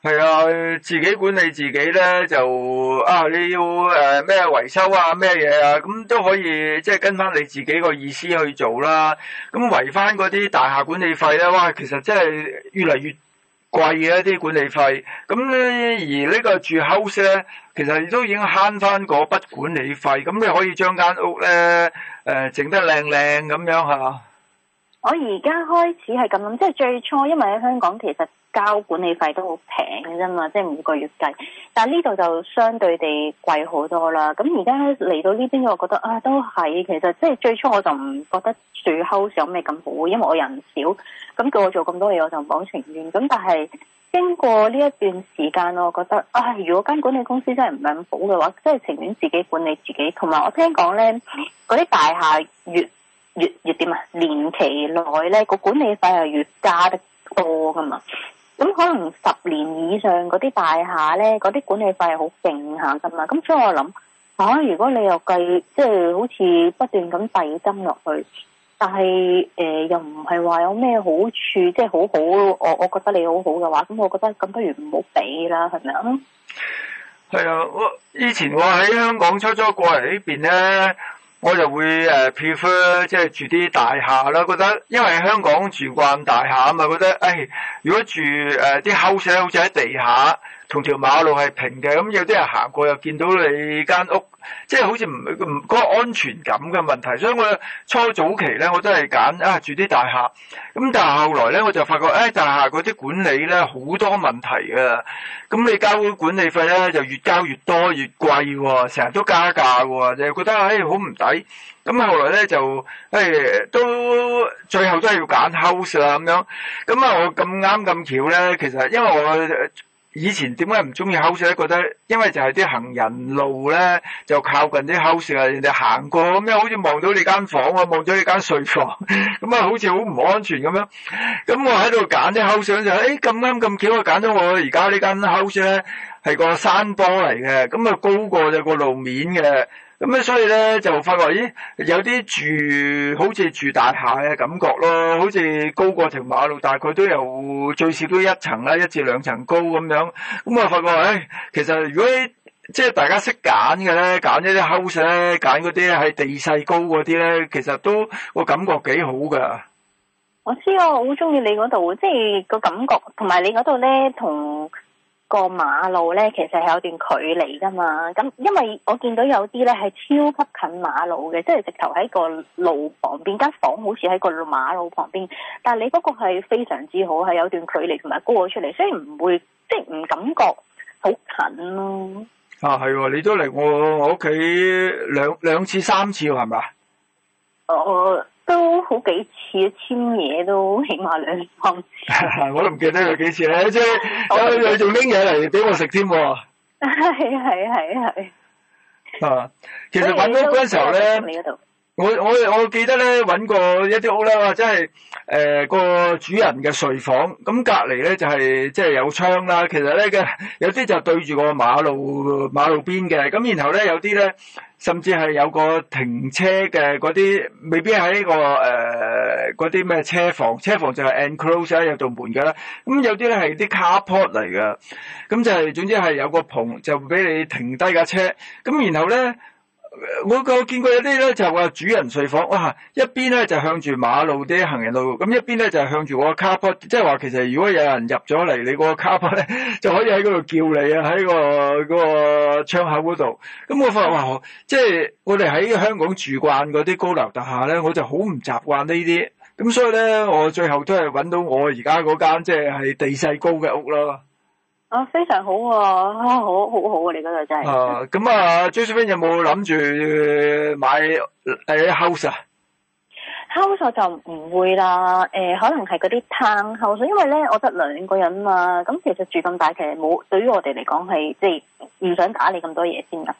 係啊，自己管理自己咧，就啊你要誒咩維修啊咩嘢啊，咁都可以即係跟翻你自己個意思去做啦。咁維翻嗰啲大廈管理費咧，哇，其實真係越嚟越～貴嘅一啲管理費，咁咧而呢個住 house 咧，其實都已經慳翻嗰筆管理費，咁你可以將間屋咧，誒、呃，整得靚靚咁樣係嘛。嗯我而家開始係咁諗，即係最初，因為喺香港其實交管理費都好平嘅啫嘛，即係每個月計。但呢度就相對地貴好多啦。咁而家嚟到呢邊，我覺得啊，都係其實即係最初我就唔覺得住後上咩咁好，因為我人少，咁叫我做咁多嘢，我就唔講情願。咁但係經過呢一段時間，我覺得啊，如果間管理公司真係唔係咁好嘅話，真係情願自己管理自己。同埋我聽講咧，嗰啲大廈越越越點啊？年期內咧，個管理費係越加得多噶嘛。咁可能十年以上嗰啲大廈咧，嗰啲管理費係好勁下噶嘛。咁所以我諗嚇、啊，如果你又計即係好似不斷咁遞增落去，但係、呃、又唔係話有咩好處，即係好好，我我覺得你好好嘅話，咁我覺得咁不如唔好俾啦，係咪啊？係啊，我以前我喺香港初初過嚟呢邊咧。我就會誒 prefer 即係住啲大廈啦，覺得因為香港住慣大廈啊嘛，覺得誒、哎、如果住誒啲 house，呃、好似喺地下。同條馬路係平嘅，咁有啲人行過又見到你間屋，即、就、係、是、好似唔唔嗰個安全感嘅問題。所以我初早期咧，我都係揀啊住啲大廈。咁但係後來咧，我就發覺、啊、大廈嗰啲管理咧好多問題㗎。咁你交管理費咧，就越交越多越貴喎、哦，成日都加價喎、哦，就覺得誒好唔抵。咁、哎、後來咧就、哎、都最後都係要揀 house 啦咁樣。咁啊，我咁啱咁巧咧，其實因為我。以前點解唔中意後巷咧？覺得因為就係啲行人路咧，就靠近啲後巷啊，人哋行過咁樣，好似望到你間房啊，望咗你間睡房，咁啊，好似好唔安全咁樣。咁我喺度揀啲後巷，就，誒咁啱咁巧，我揀咗我而家呢間後巷咧，係個山坡嚟嘅，咁啊高過隻個路面嘅。咁咧，所以咧就發覺，咦，有啲住好似住大廈嘅感覺咯，好似高過條馬路，大概都有最少都一層啦，一至兩層高咁樣。咁啊，發覺誒、哎，其實如果即係大家識揀嘅咧，揀一啲 house 咧，揀嗰啲係地勢高嗰啲咧，其實都個感覺幾好噶。我知我好中意你嗰度，即係個感覺，同埋你嗰度咧同個馬路咧，其實係有段距離噶嘛。咁因為我見到有啲咧係超級近馬路嘅，即係直頭喺個路旁邊間房，好似喺個馬路旁邊。但係你嗰個係非常之好，係有段距離同埋過咗出嚟，所以唔會即係唔感覺好近咯。啊，係啊，你都嚟我我屋企兩兩次三次係咪？我。哦都好幾次啊，簽嘢都起碼兩三次，我都唔記得有幾次咧，即係又仲拎嘢嚟俾我食添喎。係啊，係啊，係啊啊，其實揾到嗰時候呢。我我我記得咧，揾過一啲屋啦，或者係誒個主人嘅睡房，咁隔離咧就係即係有窗啦。其實咧嘅有啲就對住個馬路馬路邊嘅，咁然後咧有啲咧甚至係有個停車嘅嗰啲，未必喺、呢個誒嗰啲咩車房，車房就係 enclose 有道門㗎啦。咁有啲咧係啲 carport 嚟㗎，咁就係、是、總之係有個棚就俾你停低架車，咁然後咧。我我見過有啲咧就話主人睡房，哇一邊咧就向住馬路啲行人路，咁一邊咧就向住我個卡泊，即係話其實如果有人入咗嚟你個卡泊咧，就可以喺嗰度叫你啊，喺個個窗口嗰度。咁我發覺即係我哋喺香港住慣嗰啲高樓大廈咧，我就好唔習慣呢啲。咁所以咧，我最後都係揾到我而家嗰間即係係地勢高嘅屋啦。啊，非常好啊，啊，好，好好啊，你嗰度真係。啊，咁啊，朱小芬有冇諗住買誒 house 啊？house 就唔會啦，誒、呃，可能係嗰啲攤 house，因為咧我得兩個人嘛，咁其實住咁大其實冇，對於我哋嚟講係即係唔想打你咁多嘢先啦。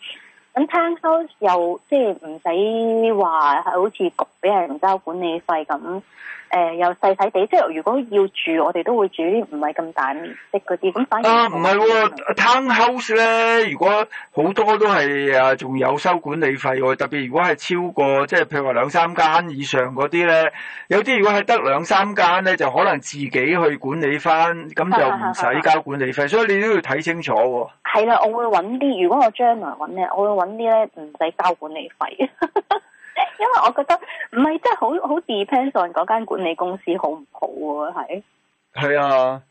咁攤 house 又即係唔使話係好似俾人交管理費咁。誒、呃、又細細地，即係如果要住，我哋都會住啲唔係咁大面積嗰啲。咁反而啊，唔係喎。townhouse 咧，如果好多都係仲有收管理費喎。特別如果係超過，即係譬如話兩三間以上嗰啲咧，有啲如果係得兩三間咧，就可能自己去管理翻，咁就唔使交管理費。是是是是是，所以你都要睇清楚喎。係啦，我會揾啲。如果我將來揾咧，我會揾啲咧唔使交管理費。 (laughs) 因為我覺得唔係，即係好好 depends on 嗰間管理公司好唔好喎，係。係啊，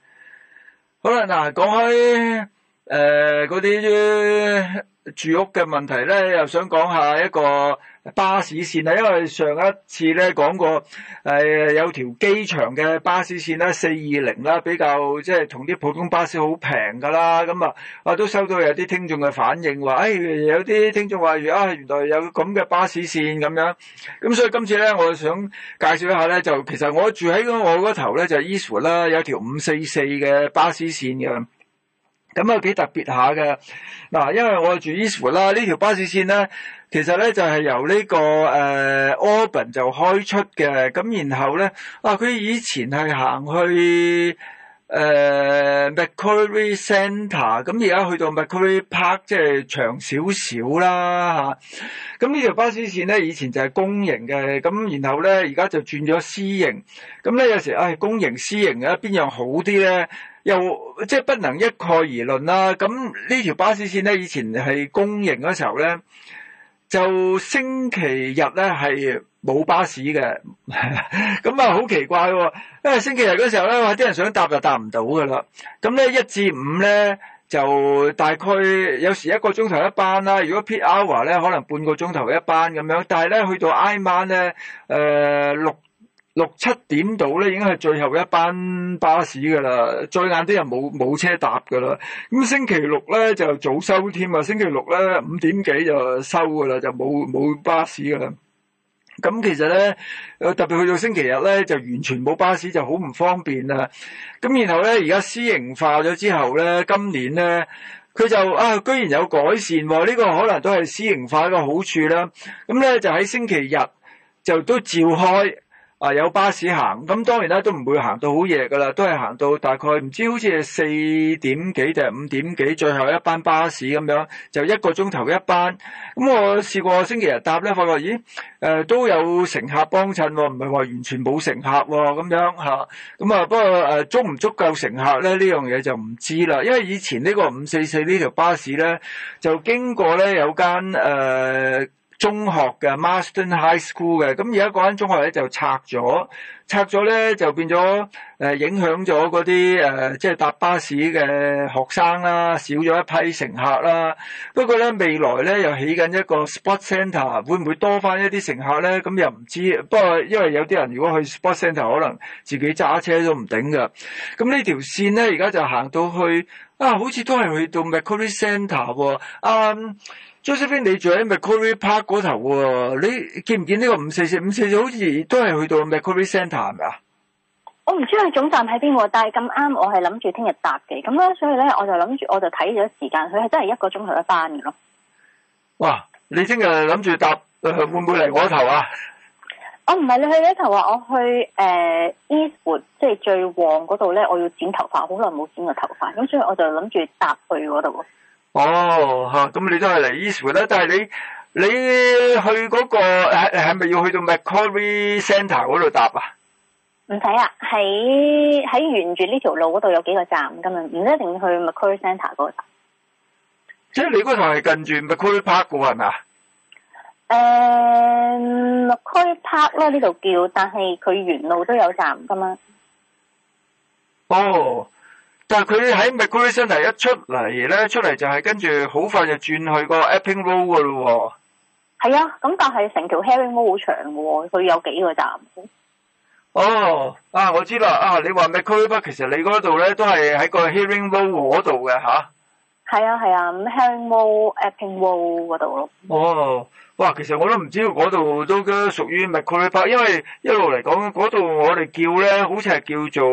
好啦，嗱，講開誒、嗰啲住屋嘅問題咧，又想講下一個。巴士線啦，因為上一次咧講過，誒、呃、有條機場嘅巴士線啦，四二零啦，比較即係同啲普通巴士好平㗎啦。咁啊，我都收到有啲聽眾嘅反應話，誒、哎、有啲聽眾話，啊原來有咁嘅巴士線咁樣。咁所以今次咧，我就想介紹一下咧，就其實我住喺我嗰頭咧就 Eastwood 啦，有條五四四嘅巴士線嘅。咁啊幾特別下㗎嗱，因為我住 Eastwood 啦，呢條巴士線咧，其實咧就係由呢、呢個誒、呃、Auburn 就開出嘅，咁然後咧啊，佢以前係行去誒、呃、Macquarie Centre，咁而家去到 Macquarie Park，即係長少少啦嚇。咁呢條巴士線咧以前就係公營嘅，咁然後咧而家就轉咗私營。咁咧有時誒公、哎、營私營嘅邊樣好啲咧？又即係、就是、不能一概而論啦、啊。咁呢條巴士線咧，以前係公營嗰時候咧，就星期日咧係冇巴士嘅。咁啊好奇怪喎、啊！因為星期日嗰時候咧，啲人想搭就搭唔到噶啦。咁咧一至五咧就大概有時一個鐘頭一班啦。如果 p e a r o rpeak hour 咧，可能半個鐘頭一班咁樣。但係咧去到挨晚咧，誒、呃、六。六七點度咧，已經係最後一班巴士㗎啦。再晏啲又冇冇車搭㗎啦。咁星期六咧就早收添啊！星期六咧五點幾就收㗎啦，就冇冇巴士㗎啦。咁其實咧，特別去到星期日咧，就完全冇巴士，就好唔方便啦。咁然後咧，而家私營化咗之後咧，今年咧佢就啊，居然有改善喎。呢個可能都係私營化嘅好處啦。咁咧就喺星期日就都照開，啊有巴士行，咁當然啦都唔會行到好夜噶啦，都係行到大概唔知好似係四點幾定係五點幾，最後一班巴士咁樣，就一個鐘頭一班。咁我試過星期日搭咧，發覺咦、呃、都有乘客幫襯喎，唔係話完全冇乘客喎咁樣嚇。咁啊，啊不過誒、啊、足唔足夠乘客咧呢樣嘢就唔知啦，因為以前呢個五四四呢條巴士咧就經過咧有間誒。呃中學嘅 Marston High School 嘅，咁而家嗰間中學咧就拆咗，拆咗咧就變咗、呃、影響咗嗰啲呃、即係搭巴士嘅學生啦，少咗一批乘客啦。不過咧未來咧又起緊一個 Sports Centre，會唔會多翻一啲乘客咧？咁又唔知。不過因為有啲人如果去 Sports Centre，可能自己揸車都唔頂㗎。咁呢條線咧而家就行到去啊，好似都係去到 Macquarie Centre 啊！Josephine，你住喺 Macquarie Park 嗰頭喎、啊，你見唔見呢個五四四？五四四好似都係去到 Macquarie Centre 係咪啊？我唔知佢總站喺邊喎，但係咁啱我係諗住聽日搭嘅，咁咧所以咧我就諗住我就睇咗時間，佢係真係一個鐘頭一班嘅咯。哇！你聽日諗住搭，誒、呃、會唔會嚟我一頭啊？我唔係你去呢一頭啊，我去誒、呃、Eastwood，即係最旺嗰度咧。我要剪頭髮，好耐冇剪過頭髮，咁所以我就諗住搭去嗰度。哦，吓，咁你都係嚟 Eastwood 啦，但係你你去嗰、嗰個係咪要去到 Macquarie Centre 嗰度搭啊？唔睇啊，喺喺沿住呢條路嗰度有幾個站噶嘛，唔一定去 Macquarie Centre 嗰度搭。即係你嗰頭係近住 Macquarie Park 噶係嘛？誒、uh，Macquarie Park 咧呢度叫，但係佢沿路都有站噶嘛。哦。Oh. 但係佢喺 Macquarie 升一出嚟咧，出嚟就係跟住好快就轉去個 Epping Road 噶咯喎。係啊，咁但係成條 Herring Road、哦、好長喎，佢有幾個站哦，啊，我知啦，啊，你話 Macquarie 其實你嗰度咧都係喺個 Herring Road 嗰度嘅吓。啊。係啊，係啊，咁 Epping Wall 嗰度咯。Road, e、那裡哦，哇！其實我都唔知嗰度都唔知嗰度都嘅屬於 Macquarie Park，因為一路嚟講嗰度我哋叫咧，好似係叫做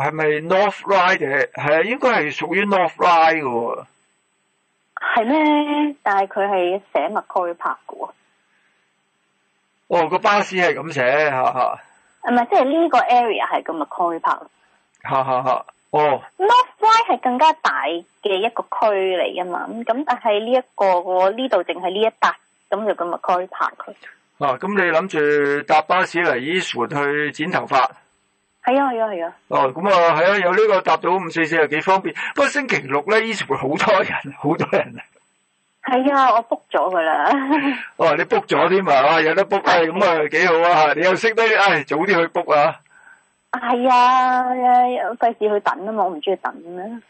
係咪 North Ryde？係、啊、應該係屬於 North Ryde 嘅喎。係咩？但係佢係寫 Macquarie Park 喎。哦，個、哦、巴士係咁寫嚇嚇。唔係，即係呢個 area 係咁 Macquarie Park。嚇哈哈。哦 North Y 係更加大嘅一個區嚟噶嘛，咁但係呢一個喎，呢度淨係呢一笪，咁就咁樣開拍佢。啊，咁你諗住搭巴士嚟 Eastwood 去剪頭髮？係啊，係啊，係啊。哦，咁啊，係啊，有呢個搭到五四四又幾方便。不過星期六咧，Eastwood 好多人，好多人。係啊，我 book 咗噶啦。哦、啊，你 book 咗添啊，有得 book，咁啊幾好的啊。你又識得，唉、哎，早啲去 book 啊。係啊，費事、啊、去等啊嘛，我唔中意等啦、啊。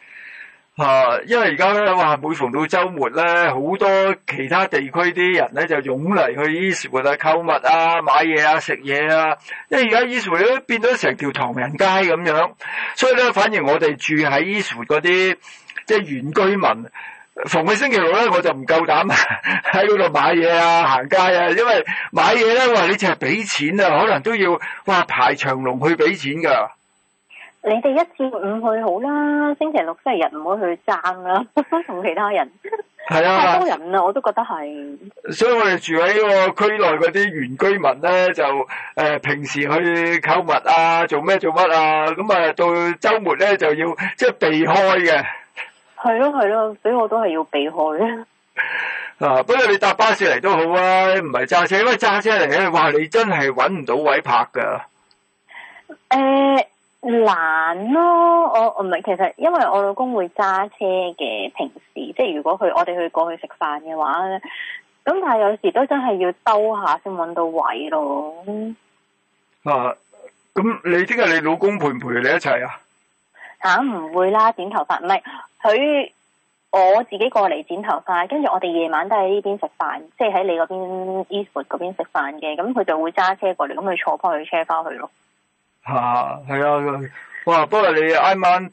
啊，因為而家咧話每逢到周末咧，好多其他地區啲人咧就湧嚟去 Eastwood 啊購物啊買嘢啊食嘢啊，因為而家 Eastwood 都變咗成條唐人街咁樣，所以咧反而我哋住喺 Eastwood 嗰啲即係、就是、原居民。逢個星期六咧，我就唔夠膽喺嗰度買嘢啊，行街啊，因為買嘢咧，話你淨係俾錢啊，可能都要哇排長龍去俾錢噶。你哋一次唔去好啦，星期六、星期日唔好去爭啦，同其他人。係啊，太多人啦，我都覺得係。所以我哋住喺個區內嗰啲原居民咧，就誒平時去購物啊，做咩做乜啊？咁啊到周末咧就要即係避開嘅。係咯係咯，俾我都係要避開，啊。不過你搭巴士嚟都好啊，唔係揸車，因為揸車嚟咧，話你真係搵唔到位拍噶。誒、欸，難咯，我唔係，其實因為我老公會揸車嘅，平時即係如果佢我哋去過去食飯嘅話，咁但係有時都真係要兜下先搵到位咯。咁、啊、你聽日你老公陪唔陪你一齊啊？梗唔、啊、會啦，剪頭髮咩？佢我自己過嚟剪頭髮，跟住我哋夜晚都喺呢邊食飯，即係喺你嗰邊 Eastwood 嗰邊食飯嘅。咁佢就會揸車過嚟，咁佢坐翻佢車翻去咯。吓係啊，啊，哇！不過你挨晚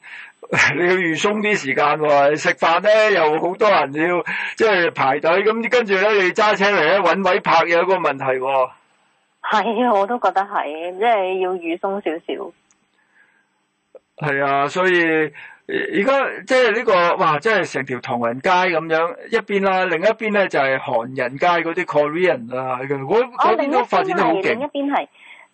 你要預鬆啲時間，食飯咧又好多人要，即係排隊。咁跟住咧你揸車嚟咧揾位泊，有一個問題。係啊，我都覺得係，即係要預鬆少少。係啊，所以。而家即係呢、這個，哇！即係成條唐人街咁樣一邊啦，另一邊咧就係、是、韓人街嗰啲 Korean 啦。我我、哦、邊都發展得好勁，另一邊係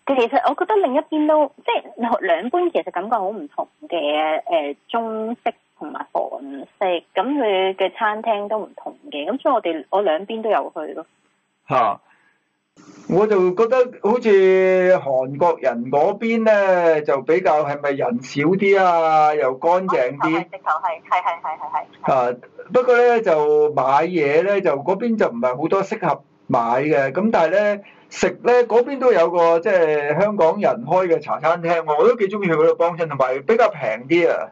其實我覺得另一邊都即係兩兩邊其實感覺好唔同嘅誒、呃、中式同埋韓式，咁佢嘅餐廳都唔同嘅。咁所以我哋我兩邊都有去咯。嚇！我就覺得好似韓國人嗰邊咧，就比較係咪人少啲啊，又乾淨啲、哦。直頭係，係係係係係。啊，不過咧就買嘢咧就嗰邊就唔係好多適合買嘅，咁但係咧食咧嗰邊都有個即係、就是、香港人開嘅茶餐廳，我都幾中意去嗰度幫襯，同埋比較平啲啊。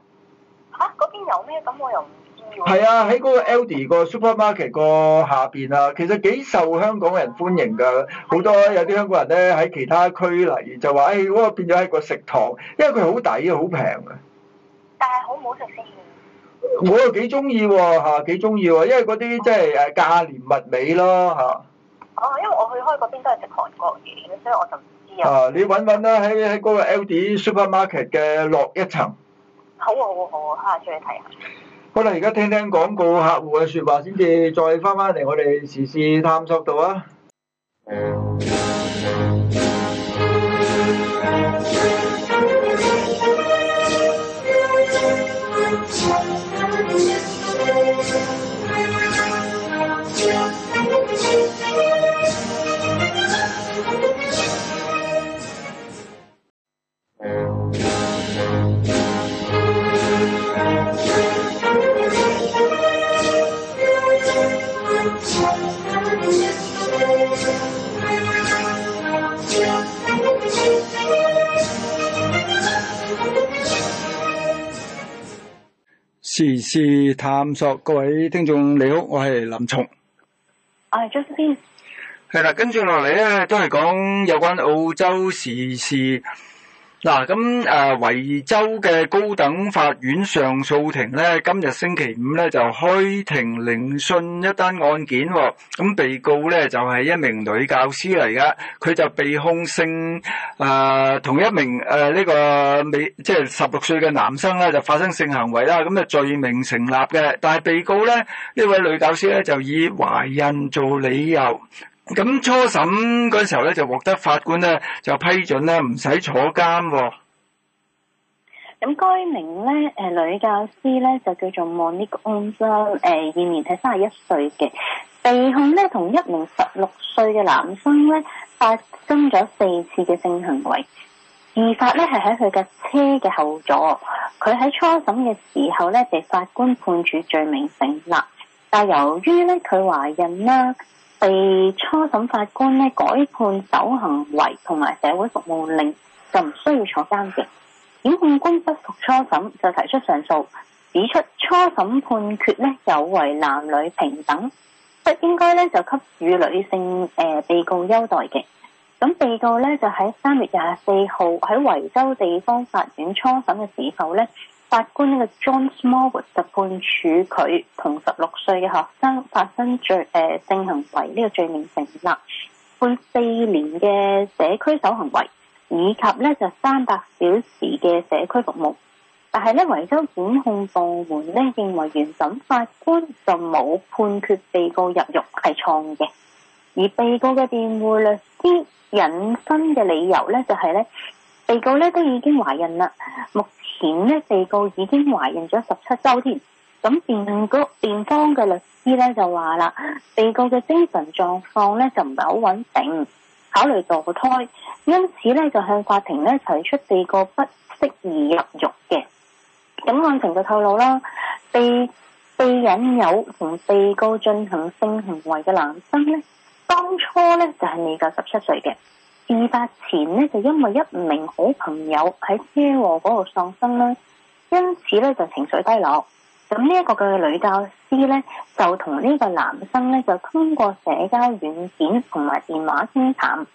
嚇、啊？嗰邊有咩？咁我又唔知。係啊，喺嗰個 Aldi 個 supermarket 個下邊啊，其實幾受香港人歡迎㗎，好多有啲香港人咧喺其他區嚟就話，誒、哎，我、那個、變咗係個食堂，因為佢好抵好平啊。但係好唔好食先？我又幾中意喎，嚇，幾中意啊，因為嗰啲即係誒價廉物美咯，嚇。哦，因為我去開嗰邊都係食韓國嘢，所以我就唔知啊。你揾揾啦，喺喺嗰個 Aldi supermarket 嘅落一層。好啊好啊好啊，哈、啊，出、啊、去睇下。好啦，而家聽聽廣告客戶嘅説話先至再返返嚟我哋時事探索度啊。嗯時事探索，各位聽眾你好，我係林松，我係 Josephine，係啦，跟住落嚟咧都係講有關澳洲時事。嗱，咁誒，維州嘅高等法院上訴庭咧，今日星期五咧就開庭聆訊一單案件喎。咁被告咧就係一名女教師嚟嘅，佢就被控性誒同一名誒呢個未即係十六歲嘅男生咧就發生性行為啦。咁就罪名成立嘅，但係被告咧呢位女教師咧就以懷孕做理由。咁初審嗰時候咧，就獲得法官咧就批准咧，唔使坐監，哦。咁該名咧誒、呃、女教師咧就叫做 Monique Annson，誒、呃、現年係三十一歲嘅，被控咧同一名十六歲嘅男生咧發生咗四次嘅性行為，事發咧係喺佢嘅車嘅後座。佢喺初審嘅時候咧被法官判處罪名成立，但係由於咧佢懷孕啦。被初審法官咧改判守行為同埋社會服務令，就唔需要坐監嘅。檢控官不服初審，就提出上訴，指出初審判決咧有違男女平等，不應該咧就給予女性誒、呃、被告優待嘅。咁被告咧就喺三月廿四號喺維州地方法院初審嘅時候咧，法官呢個 John Smallwood 就判處佢同十六歲嘅學生發生罪誒、呃、性行為呢、這個罪名成立，判四年嘅社區守行為，以及咧就三百小時嘅社區服務。但係咧，維州檢控部門咧認為原審法官就冇判決被告入獄係錯誤嘅，而被告嘅辯護律師引申嘅理由咧就係、是、咧。被告咧都已經懷孕啦，目前咧被告已經懷孕咗十七周添。咁辯辯方嘅律師咧就話啦，被告嘅精神狀況咧就唔係好穩定，考慮墮胎，因此咧就向法庭咧提出被告不適宜入獄嘅。咁案情就透露啦，被被引誘同被告進行性行為嘅男生咧，當初咧就係未夠十七歲嘅。事發前咧就因為一名好朋友喺車禍嗰度喪生啦，因此咧就情緒低落。咁呢一個嘅女教師咧就同呢個男生咧就通過社交軟件同埋電話傾談，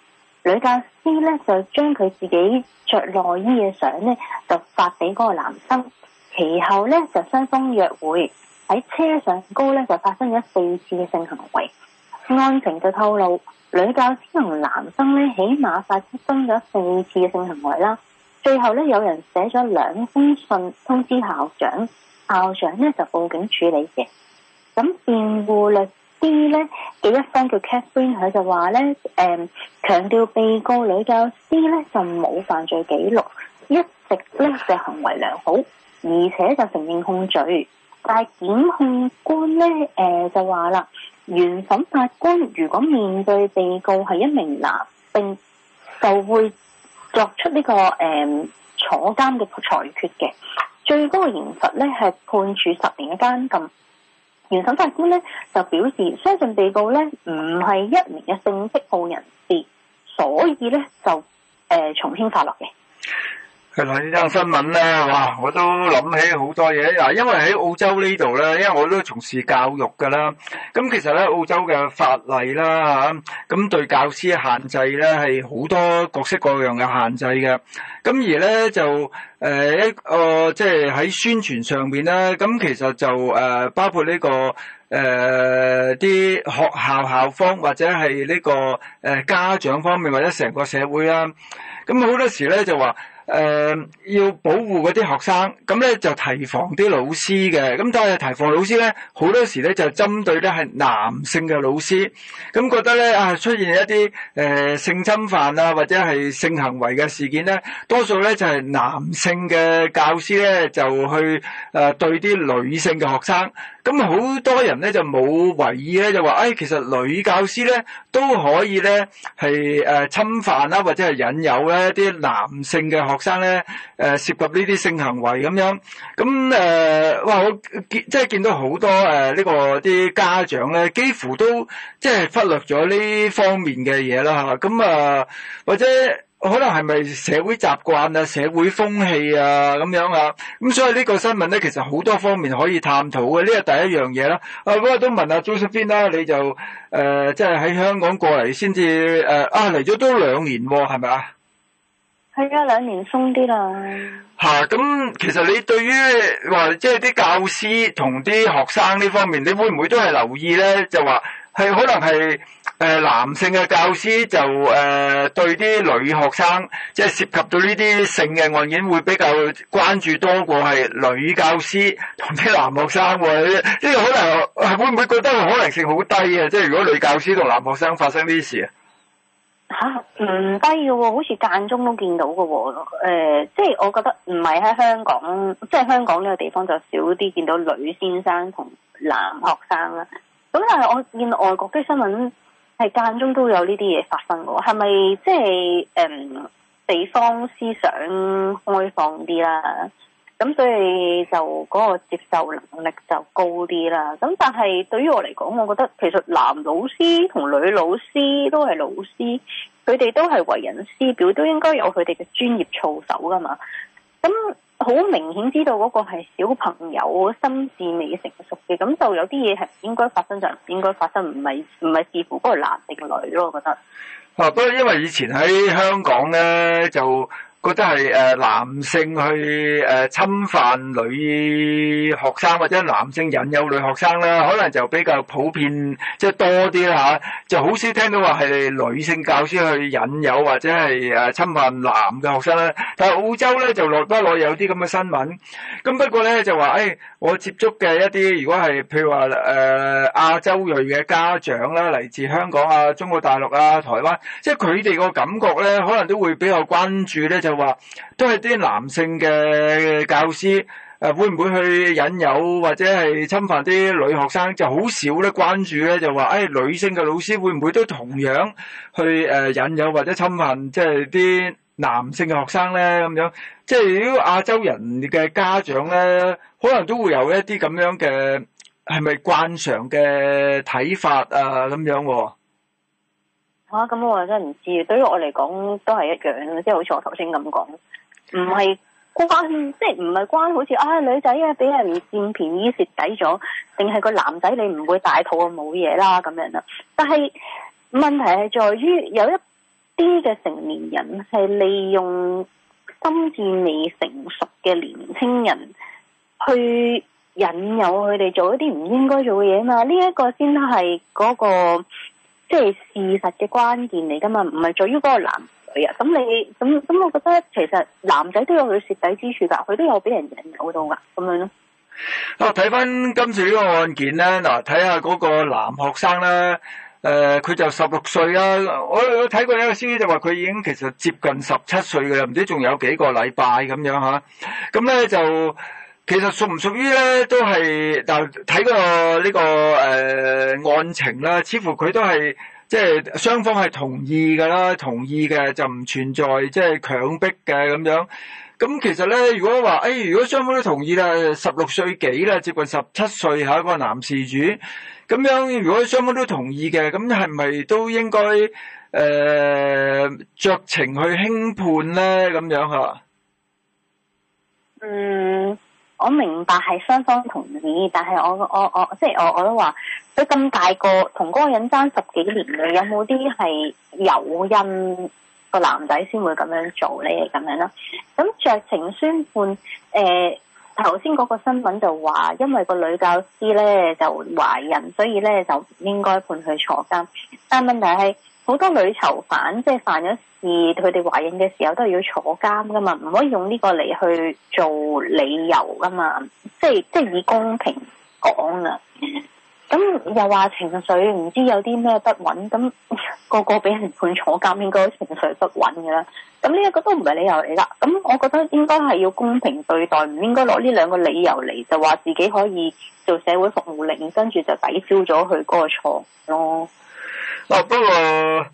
女教師咧就將佢自己着內衣嘅相咧就發俾嗰個男生，其後咧就雙方約會喺車上高咧就發生咗四次嘅性行為。案情就透露，女教師同男生咧起碼發生咗四次性行為啦。最後咧有人寫咗兩封信通知校長，校長咧就報警處理嘅。咁辯護律師咧嘅一方叫 Catherine，佢就話咧，誒強調被告女教師咧就冇犯罪記錄，一直咧就行為良好，而且就承認控罪。但係檢控官咧，誒、呃、就話啦，原審法官如果面對被告係一名男性就會作出呢、這個誒、呃、坐監嘅裁決嘅，最高嘅刑罰咧係判處十年嘅監禁。原審法官咧就表示，相信被告咧唔係一名嘅性質暴人士，所以咧就誒從輕發。呃、落嘅。係睇呢張新聞咧，哇！我都諗起好多嘢嗱，因為喺澳洲呢度咧，因為我都從事教育噶啦，咁其實咧澳洲嘅法例啦吓、咁、對教師限制咧係好多各式各樣嘅限制嘅，咁而咧就誒一個即係喺宣傳上面咧，咁其實就誒、呃、包括呢、這個誒啲、呃、學校校方或者係呢、這個、呃、家長方面或者成個社會啦，咁好多時咧就話。誒、呃、要保護嗰啲學生，咁咧就提防啲老師嘅，咁但係提防老師咧，好多時咧就針對咧係男性嘅老師，咁覺得咧啊出現一啲、呃、性侵犯啊或者係性行為嘅事件咧，多數咧就係、係、男性嘅教師咧就去誒、呃、對啲女性嘅學生。咁好多人咧就冇為意咧，就話，哎，其實女教師咧都可以咧係誒侵犯啦，或者係引誘咧啲男性嘅學生咧誒、呃、涉及呢啲性行為咁樣。咁誒、呃，哇！我見即係見到好多呢、呃呢個啲家長咧，幾乎都即係忽略咗呢方面嘅嘢啦嚇。咁啊、呃，或者。可能係咪社會習慣啊、社會風氣啊咁樣啊？咁所以呢個新聞咧，其實好多方面可以探討嘅。呢個第一樣嘢啦。啊，我都問阿、啊、Josephine 你就誒，即係喺香港過嚟先至誒，啊嚟咗都兩年喎，係咪啊？係啊，兩年鬆啲啦。嚇！咁其實你對於話即係啲教師同啲學生呢方面，你會唔會都係留意咧？就話係可能係。誒男性嘅教師就誒對啲女學生，即係涉及到呢啲性嘅案件，會比較關注多過係女教師同啲男學生喎。即係可能會唔會覺得可能性好低啊？即係如果女教師同男學生發生啲事啊？嚇唔低嘅喎，好似間中都見到嘅喎。呃，即係我覺得唔係喺香港，即係香港呢個地方就少啲見到女先生同男學生啦。咁但係我見外國啲新聞。係間中都有呢啲嘢發生嘅，係咪即係誒地方思想開放啲啦？咁所以就嗰個接受能力就高啲啦。咁但係對於我嚟講，我覺得其實男老師同女老師都係老師，佢哋都係為人師表，都應該有佢哋嘅專業操守㗎嘛。咁。好明顯知道嗰個係小朋友心智未成熟嘅，咁就有啲嘢係應該發生就係應該發生，唔係唔係視乎嗰個男定女咯，我覺得。啊，不過因為以前喺香港咧就。覺得係誒男性去誒侵犯女學生或者男性引誘女學生啦，可能就比較普遍即係多啲啦嚇，就好少聽到話係女性教師去引誘或者係誒侵犯男嘅學生啦。但係澳洲咧就落不落有啲咁嘅新聞，咁不過咧就話誒，我接觸嘅一啲如果係譬如話誒亞洲裔嘅家長啦，嚟自香港啊、中國大陸啊、台灣，即係佢哋個感覺咧，可能都會比較關注咧就。就話都係啲男性嘅教師誒、呃，會唔會去引誘或者係侵犯啲女學生？就好少咧關注咧，就話誒、哎，女性嘅老師會唔會都同樣去誒、呃、引誘或者侵犯，即係啲男性嘅學生咧咁樣？即係如果亞洲人嘅家長咧，可能都會有一啲咁樣嘅係咪慣常嘅睇法啊咁樣喎、哦？啊，咁我真係唔知。對於我嚟講，都係一樣，即、係好似我頭先咁講，唔係關，即係唔係關，好似啊女仔啊俾人佔便宜蝕底咗，定係個男仔你唔會大肚啊冇嘢啦咁樣啦。但係問題係在於有一啲嘅成年人係利用心智未成熟嘅年青人去引誘佢哋做一啲唔應該做嘅嘢嘛。呢、一個先係嗰個。即係事實嘅關鍵嚟噶嘛，唔係在於嗰個男女啊，咁你咁咁，我覺得其實男仔都有佢蝕底之處噶，佢都有俾人引誘到噶，咁樣咯。啊，睇翻今次呢個案件咧，嗱，睇下嗰個男學生啦，誒、呃，佢就十六歲啊，我我睇過一個消息就話佢已經其實接近十七歲嘅，唔知仲有幾個禮拜咁樣吓，咁咧就。其實屬唔屬於咧，都係但睇個呢、這個誒、呃、案情啦，似乎佢都係即係雙方係同意㗎啦，同意嘅就唔存在即係強迫嘅咁樣。咁、嗯、其實咧，如果話誒、哎，如果雙方都同意啦，十六歲幾啦，接近十七歲下一個男事主，咁樣如果雙方都同意嘅，咁係咪都應該誒酌、呃、情去輕判咧？咁樣吓、啊？嗯。我明白係雙方同意，但係我我我即係、就是、我我都話，佢咁大個同嗰個人爭十幾年，有冇啲係有因個男仔先會咁樣做咧？咁樣啦，咁酌情宣判。誒頭先嗰個新聞就話，因為嗰個女教師呢就懷孕，所以呢就唔應該判佢坐監。但係問題係。好多女囚犯即係犯咗事，佢哋懷孕嘅時候都係要坐監噶嘛，唔可以用呢個嚟去做理由噶嘛，即係即係以公平講啦。咁又話情緒唔知有啲咩不穩，咁、那個個俾人判坐監應該情緒不穩噶啦。咁呢一個都唔係理由嚟啦。咁我覺得應該係要公平對待，唔應該攞呢兩個理由嚟就話自己可以做社會服務令，跟住就抵消咗佢嗰個錯咯。哦，不過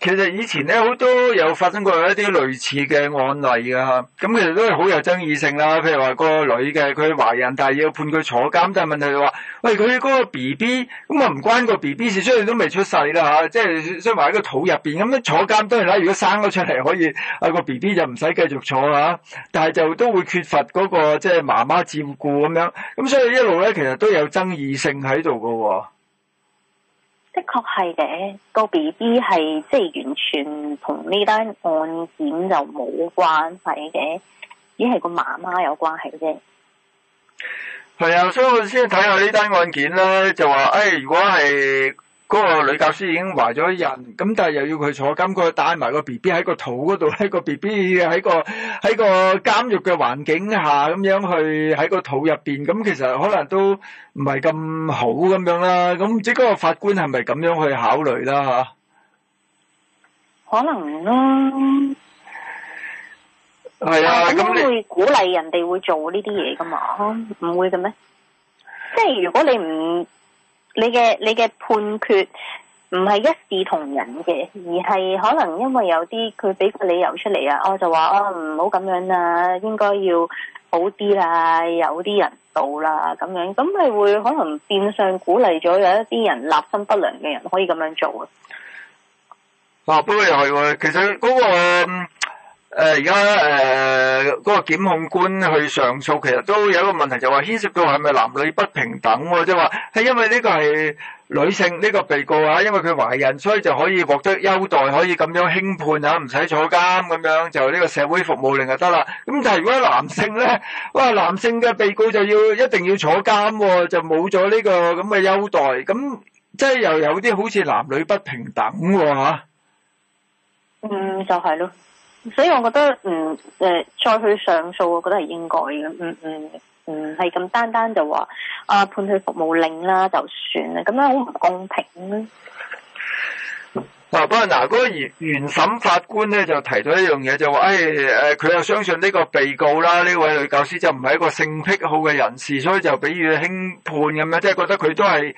其實以前咧好多有發生過一啲類似嘅案例嘅，咁、嗯、其實都係好有爭議性啦。譬如話個女嘅，佢懷孕，但係要判佢坐監，但係問題就話，喂佢嗰個 B B，咁啊唔關個 B B 事，雖然都未出世啦吓，即係雖然話喺個肚入邊，咁、嗯、樣坐監，當然啦。如果生咗出嚟，可以啊、個 B B 就唔使繼續坐啦，但係就都會缺乏嗰、個即係媽媽照顧咁樣，咁、嗯、所以一路咧其實都有爭議性喺度噶。的確係嘅，個 BB 係即係完全同呢單案件就冇關係嘅，只係個媽媽有關係嘅啫。係啊，所以我先睇下呢單案件咧，就話誒、哎，如果係。嗰個女教師已經懷咗孕，咁但係又要佢坐監，佢帶埋個 BB 喺個肚嗰度，喺個 BB 喺個喺個監獄嘅環境下咁樣去喺個肚入邊，咁其實可能都唔係咁好咁樣啦。咁唔知嗰個法官係咪咁樣去考慮啦？嚇，可能咯。係啊，咁會鼓勵人哋會做呢啲嘢㗎嘛？唔會嘅咩？即係如果你唔...你嘅你嘅判決唔係一視同仁嘅，而係可能因為有啲佢俾個理由出嚟啊，我就話啊唔好咁樣啦，應該要好啲啦，有啲人到啦咁樣，咁你會可能變相鼓勵咗有一啲人立心不良嘅人可以咁樣做啊。嗱，不過又係喎，其實嗰個。的誒，而家誒，嗰個檢控官去上訴，其實都有一個問題，就話牽涉到係咪男女不平等喎，即係話係因為呢個係女性呢個被告啊，因為佢懷孕，所以就可以獲得優待，可以咁樣輕判啊，唔使坐監咁樣，就呢個社會服務令就得啦。咁但係如果男性咧，哇，男性嘅被告就要一定要坐監，就冇咗呢個咁嘅優待，咁即係又有啲好似男女不平等喎吓。嗯，就係咯。所以我覺得，嗯，誒、呃，再去上訴，我覺得係應該嘅，嗯嗯嗯，唔係、嗯、咁單單就話啊判佢服務令啦就算啦，咁樣好唔公平咧。嗱、啊，不過嗱，嗰個原原審法官咧就提到一樣嘢，就話誒誒，佢、哎、又、呃、相信呢個被告啦，呢位女教師就唔係一個性癖好嘅人士，所以就俾佢輕判咁樣，即、就、係、是、覺得佢都係。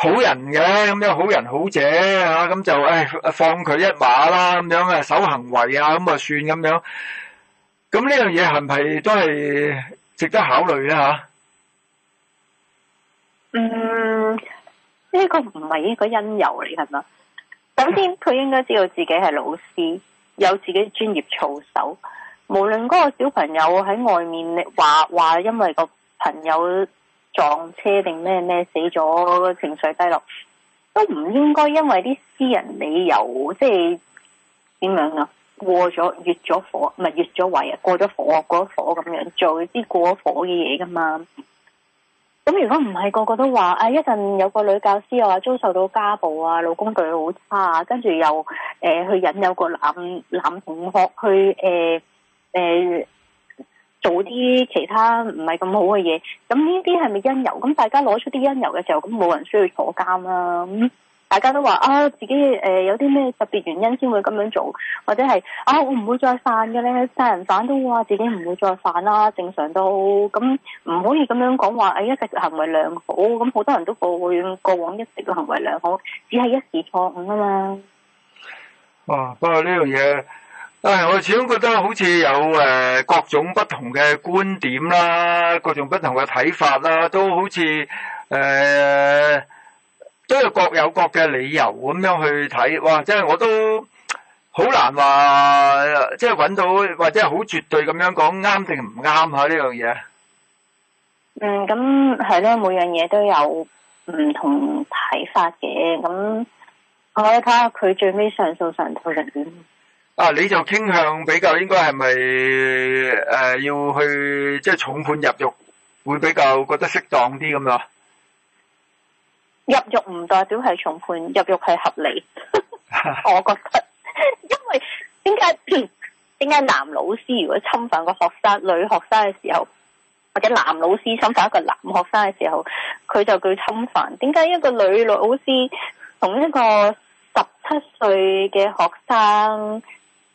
好人嘅咁樣，好人好姐啊，咁就誒放佢一馬啦，咁樣啊，守行為啊，咁啊算咁樣。咁呢樣嘢係咪都係值得考慮咧？吓？嗯，呢個唔係一個因由嚟，係嘛？首先，佢應該知道自己係老師，有自己專業操守。無論嗰個小朋友喺外面，你話話因為個朋友。撞車定咩咩死咗？情緒低落都唔應該因為啲私人理由，即係點樣呀、啊？過咗越咗火，唔係越咗位啊，過咗火過咗火，咁樣做啲過咗火嘅嘢㗎嘛？咁如果唔係個個都話，一陣有個女教師又話遭受到家暴啊，老公對佢好差啊，跟住又誒、呃、去引誘個男男同學去誒誒。呃呃做啲其他唔係咁好嘅嘢，咁呢啲係咪因由？咁大家攞出啲因由嘅時候，咁冇人需要坐監啦、啊。咁大家都話啊，自己誒、呃、有啲咩特別原因先會咁樣做，或者係啊，我唔會再犯嘅咧。殺人犯都話話自己唔會再犯啦，正常都。咁唔可以咁樣講話誒，一直行為良好咁，好多人都過去過往一直嘅行為良好，只係一時錯誤啊嘛。哦、啊，不過呢樣嘢。誒，我始終覺得好似有誒各種不同嘅觀點啦，各種不同嘅睇法啦，都好似誒、呃、都有各有各嘅理由咁樣去睇。哇！即、就、係、是、我都好難話，即係揾到或者係好絕對咁樣講啱定唔啱吓？呢樣嘢，嗯，咁係咯，每樣嘢都有唔同睇法嘅。咁我睇下佢最尾上訴上訴人。果。啊！你就傾向比較應該係咪誒要去即係重判入獄，會比較覺得適當啲咁咯？入獄唔代表係重判，入獄係合理， (laughs) 我覺得。因為點解點解男老師如果侵犯一個學生女學生嘅時候，或者男老師侵犯一個男學生嘅時候，佢就叫侵犯？點解一個女老師同一個十七歲嘅學生？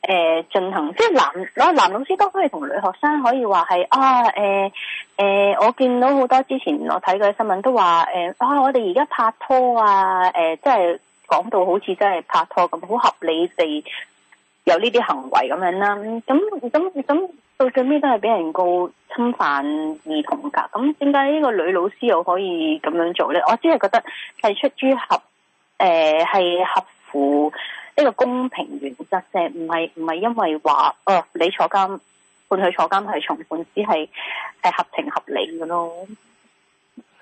誒，進行即係男，啊男老師都可以同女學生可以話係啊，誒、欸、誒、欸，我見到好多之前我睇過嘅新聞都話，誒、欸、啊，我哋而家拍拖啊，誒、欸，即係講到好似真係拍拖咁，好合理地有呢啲行為咁樣啦。咁咁咁到最尾都係俾人告侵犯兒童噶。咁點解呢個女老師又可以咁樣做咧？我只係覺得係出於合，誒、欸、係合乎。呢個公平原則性唔係唔係因為話，哦，你坐監判佢坐監係重判，只係係合情合理嘅咯。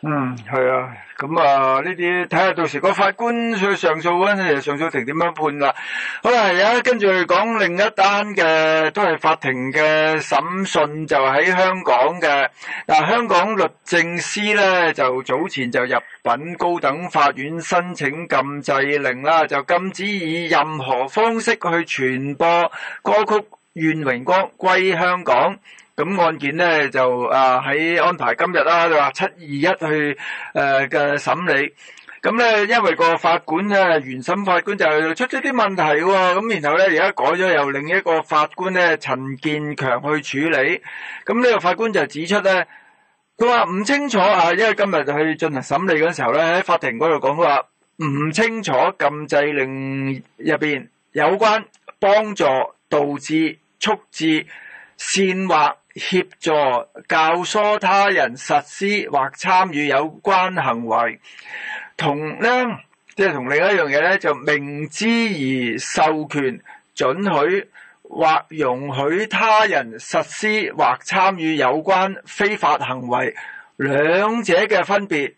嗯，係啊，咁啊，呢啲睇下到時個法官去上訴嗰陣，又上訴庭點樣判啦。好啦，係啊，跟住講另一單嘅，都係法庭嘅審訊，就喺香港嘅。嗱，香港律政司咧就早前就入稟高等法院申請禁制令啦，就禁止以任何方式去傳播歌曲《願榮光歸香港》。咁案件咧就啊喺安排今日啦，就話七二一去誒嘅審理。咁咧，因為個法官咧，原審法官就出咗啲問題喎，咁然後咧，而家改咗由另一個法官咧，陳建強去處理。咁呢個法官就指出咧，佢話唔清楚啊，因為今日去進行審理嗰時候咧，喺法庭嗰度講，佢話唔清楚禁制令入邊有關幫助、導致、促致、煽惑、協助、教唆他人實施或參與有關行為。同咧，即、就、係、是、同另一樣嘢咧，就明知而授權准許或容許他人實施或參與有關非法行為，兩者嘅分別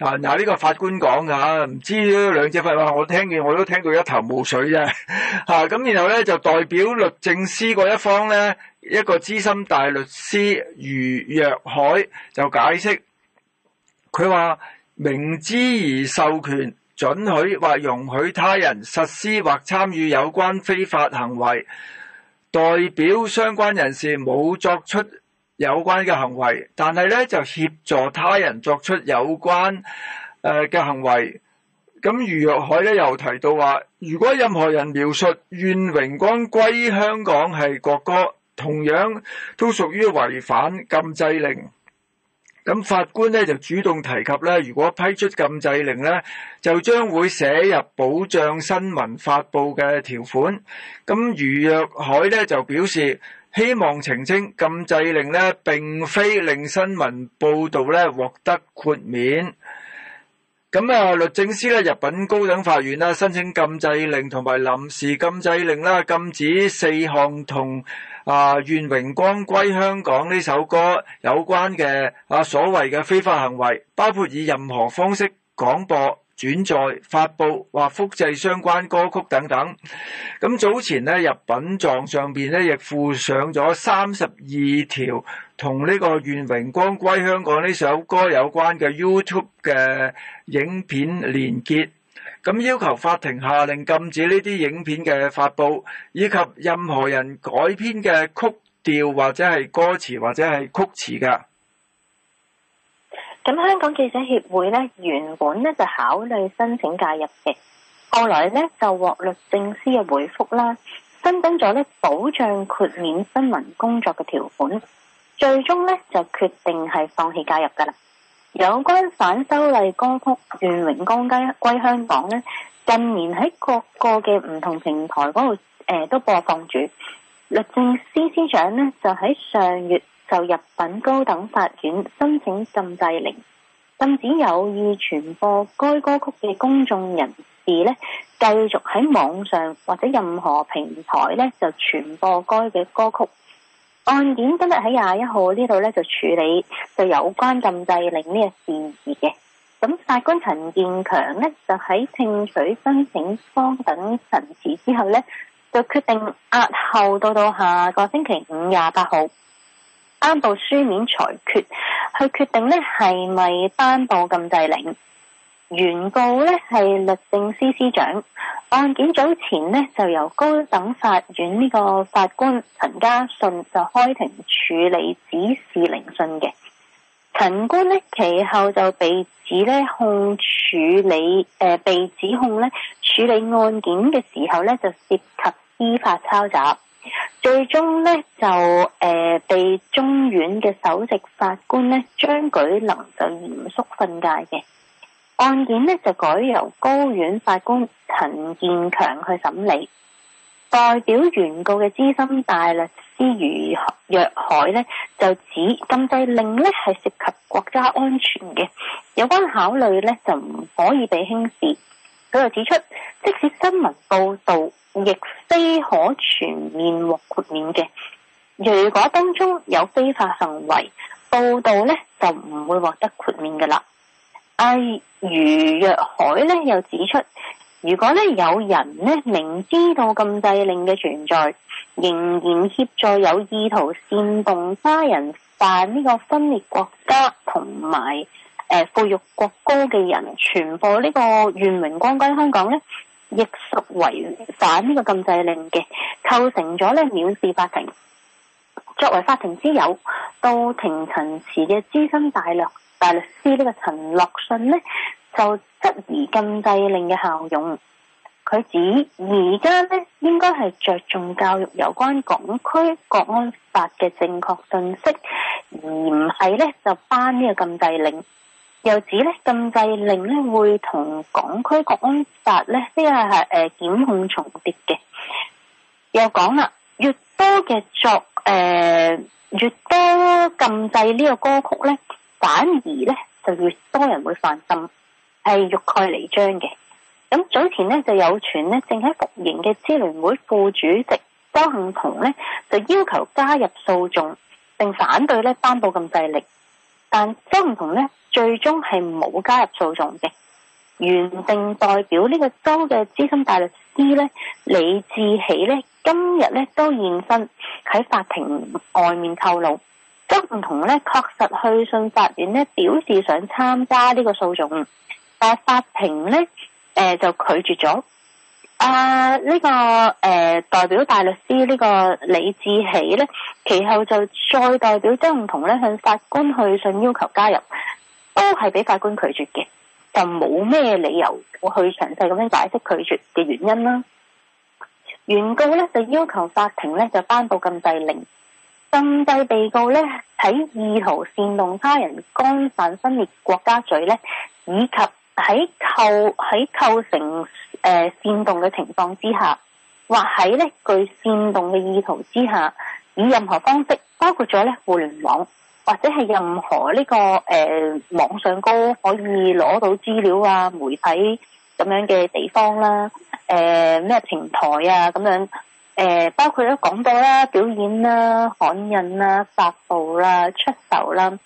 啊。嗱呢、這個法官講㗎，唔知兩者分別，我聽見我都聽到一頭霧水啫。吓、啊、咁，然後咧就代表律政司嗰一方咧，一個資深大律師余若海就解釋，佢話。明知而授權、准許或容許他人實施或參與有關非法行為，代表相關人士冇作出有關嘅行為，但係咧就協助他人作出有關嘅行為。咁余若海咧又提到話，如果任何人描述《願榮光歸香港》係國歌，同樣都屬於違反禁制令。咁法官咧就主動提及咧，如果批出禁制令咧，就將會寫入保障新聞發布嘅條款。咁余若海咧就表示希望澄清禁制令咧並非令新聞報導咧獲得豁免。咁啊律政司咧入禀高等法院啦，申請禁制令同埋臨時禁制令啦，禁止四項同。啊！願榮光歸香港呢首歌有關嘅啊，所謂嘅非法行為，包括以任何方式廣播、轉載、發布或、啊、複製相關歌曲等等。咁、嗯、早前咧入稟狀上邊咧亦附上咗三十二條同呢個願榮光歸香港呢首歌有關嘅 YouTube 嘅影片連結。咁要求法庭下令禁止呢啲影片嘅發佈，以及任何人改編嘅曲調或者係歌詞或者係曲詞噶。咁香港記者協會咧原本咧就考慮申請介入嘅，後來咧就獲律政司嘅回覆啦，新增咗咧保障豁免新聞工作嘅條款，最終咧就決定係放棄介入噶啦。有關反修例歌曲《願榮光歸歸香港》咧，近年喺各個嘅唔同平台嗰度都播放住。律政司司長呢，就喺上月就入禀高等法院申請禁制令，禁止有意傳播該歌曲嘅公眾人士咧繼續喺網上或者任何平台咧就傳播該嘅歌曲。案件今日喺廿一號呢度咧就處理就有關禁制令呢個事宜嘅，咁法官陳建強咧就喺聽取申請方等陳詞之後咧，就決定押後到到下個星期五廿八號頒佈書面裁決，去決定咧係咪頒佈禁制令。原告咧係律政司司長，案件早前呢就由高等法院呢個法官陳家信就開庭處理指示聆訊嘅。陳官呢，其後就被指咧控處理誒、呃、被指控咧處理案件嘅時候咧就涉及司法抄襲，最終咧就誒、呃、被中院嘅首席法官咧張舉能就嚴肅訓誡嘅。案件呢，就改由高院法官陳建強去審理。代表原告嘅資深大律師余若海呢，就指禁制令呢，係涉及國家安全嘅，有關考慮呢，就唔可以被輕視。佢就指出，即使新聞報道亦非可全面獲豁免嘅，如果當中有非法行為報道呢，就唔會獲得豁免噶啦。阿、哎、余若海咧又指出，如果咧有人咧明知道禁制令嘅存在，仍然協助有意圖煽動他人犯呢個分裂國家同埋誒侮辱國歌嘅人，傳播呢個願榮光歸香港咧，亦屬違反呢個禁制令嘅，構成咗咧藐視法庭。作為法庭之友到庭陳詞嘅資深大律。大律師呢個陳樂信呢，就質疑禁制令嘅效用。佢指而家呢，應該係着重教育有關港區國安法嘅正確信息，而唔係呢就頒呢個禁制令。又指呢禁制令呢會同港區國安法呢個係誒檢控重疊嘅。又講啦，越多嘅作誒、呃，越多禁制呢個歌曲呢。反而咧就越多人會犯心，係欲蓋彌彰嘅。咁早前咧就有傳咧，正喺服刑嘅支聯會副主席周幸彤咧，就要求加入訴訟，並反對咧頒布禁制令。但周幸彤咧最終係冇加入訴訟嘅。原定代表呢個州嘅資深大律師咧李志喜咧今日咧都現身喺法庭外面透露，周鄒幸彤咧確實去信法院咧，表示想參加呢個訴訟，但係法庭咧誒、呃、就拒絕咗。啊、呃、呢、呢個誒、呃、代表大律師呢個李志喜咧，其後就再代表周鄒幸彤咧向法官去信要求加入，都係俾法官拒絕嘅，就冇咩理由去詳細咁樣解釋拒絕嘅原因啦。原告咧就要求法庭咧就頒布禁制令。禁制被告咧喺意圖煽動他人干犯分裂國家罪咧，以及喺構喺構成誒、呃、煽動嘅情況之下，或喺咧具煽動嘅意圖之下，以任何方式，包括咗咧互聯網或者係任何呢、這個誒、呃、網上高可以攞到資料啊，媒體咁樣嘅地方啦、啊，誒、呃、咩平台啊咁樣。誒、呃、包括咗廣播啦、表演啦、刊印啦、發布啦、出售啦、誒、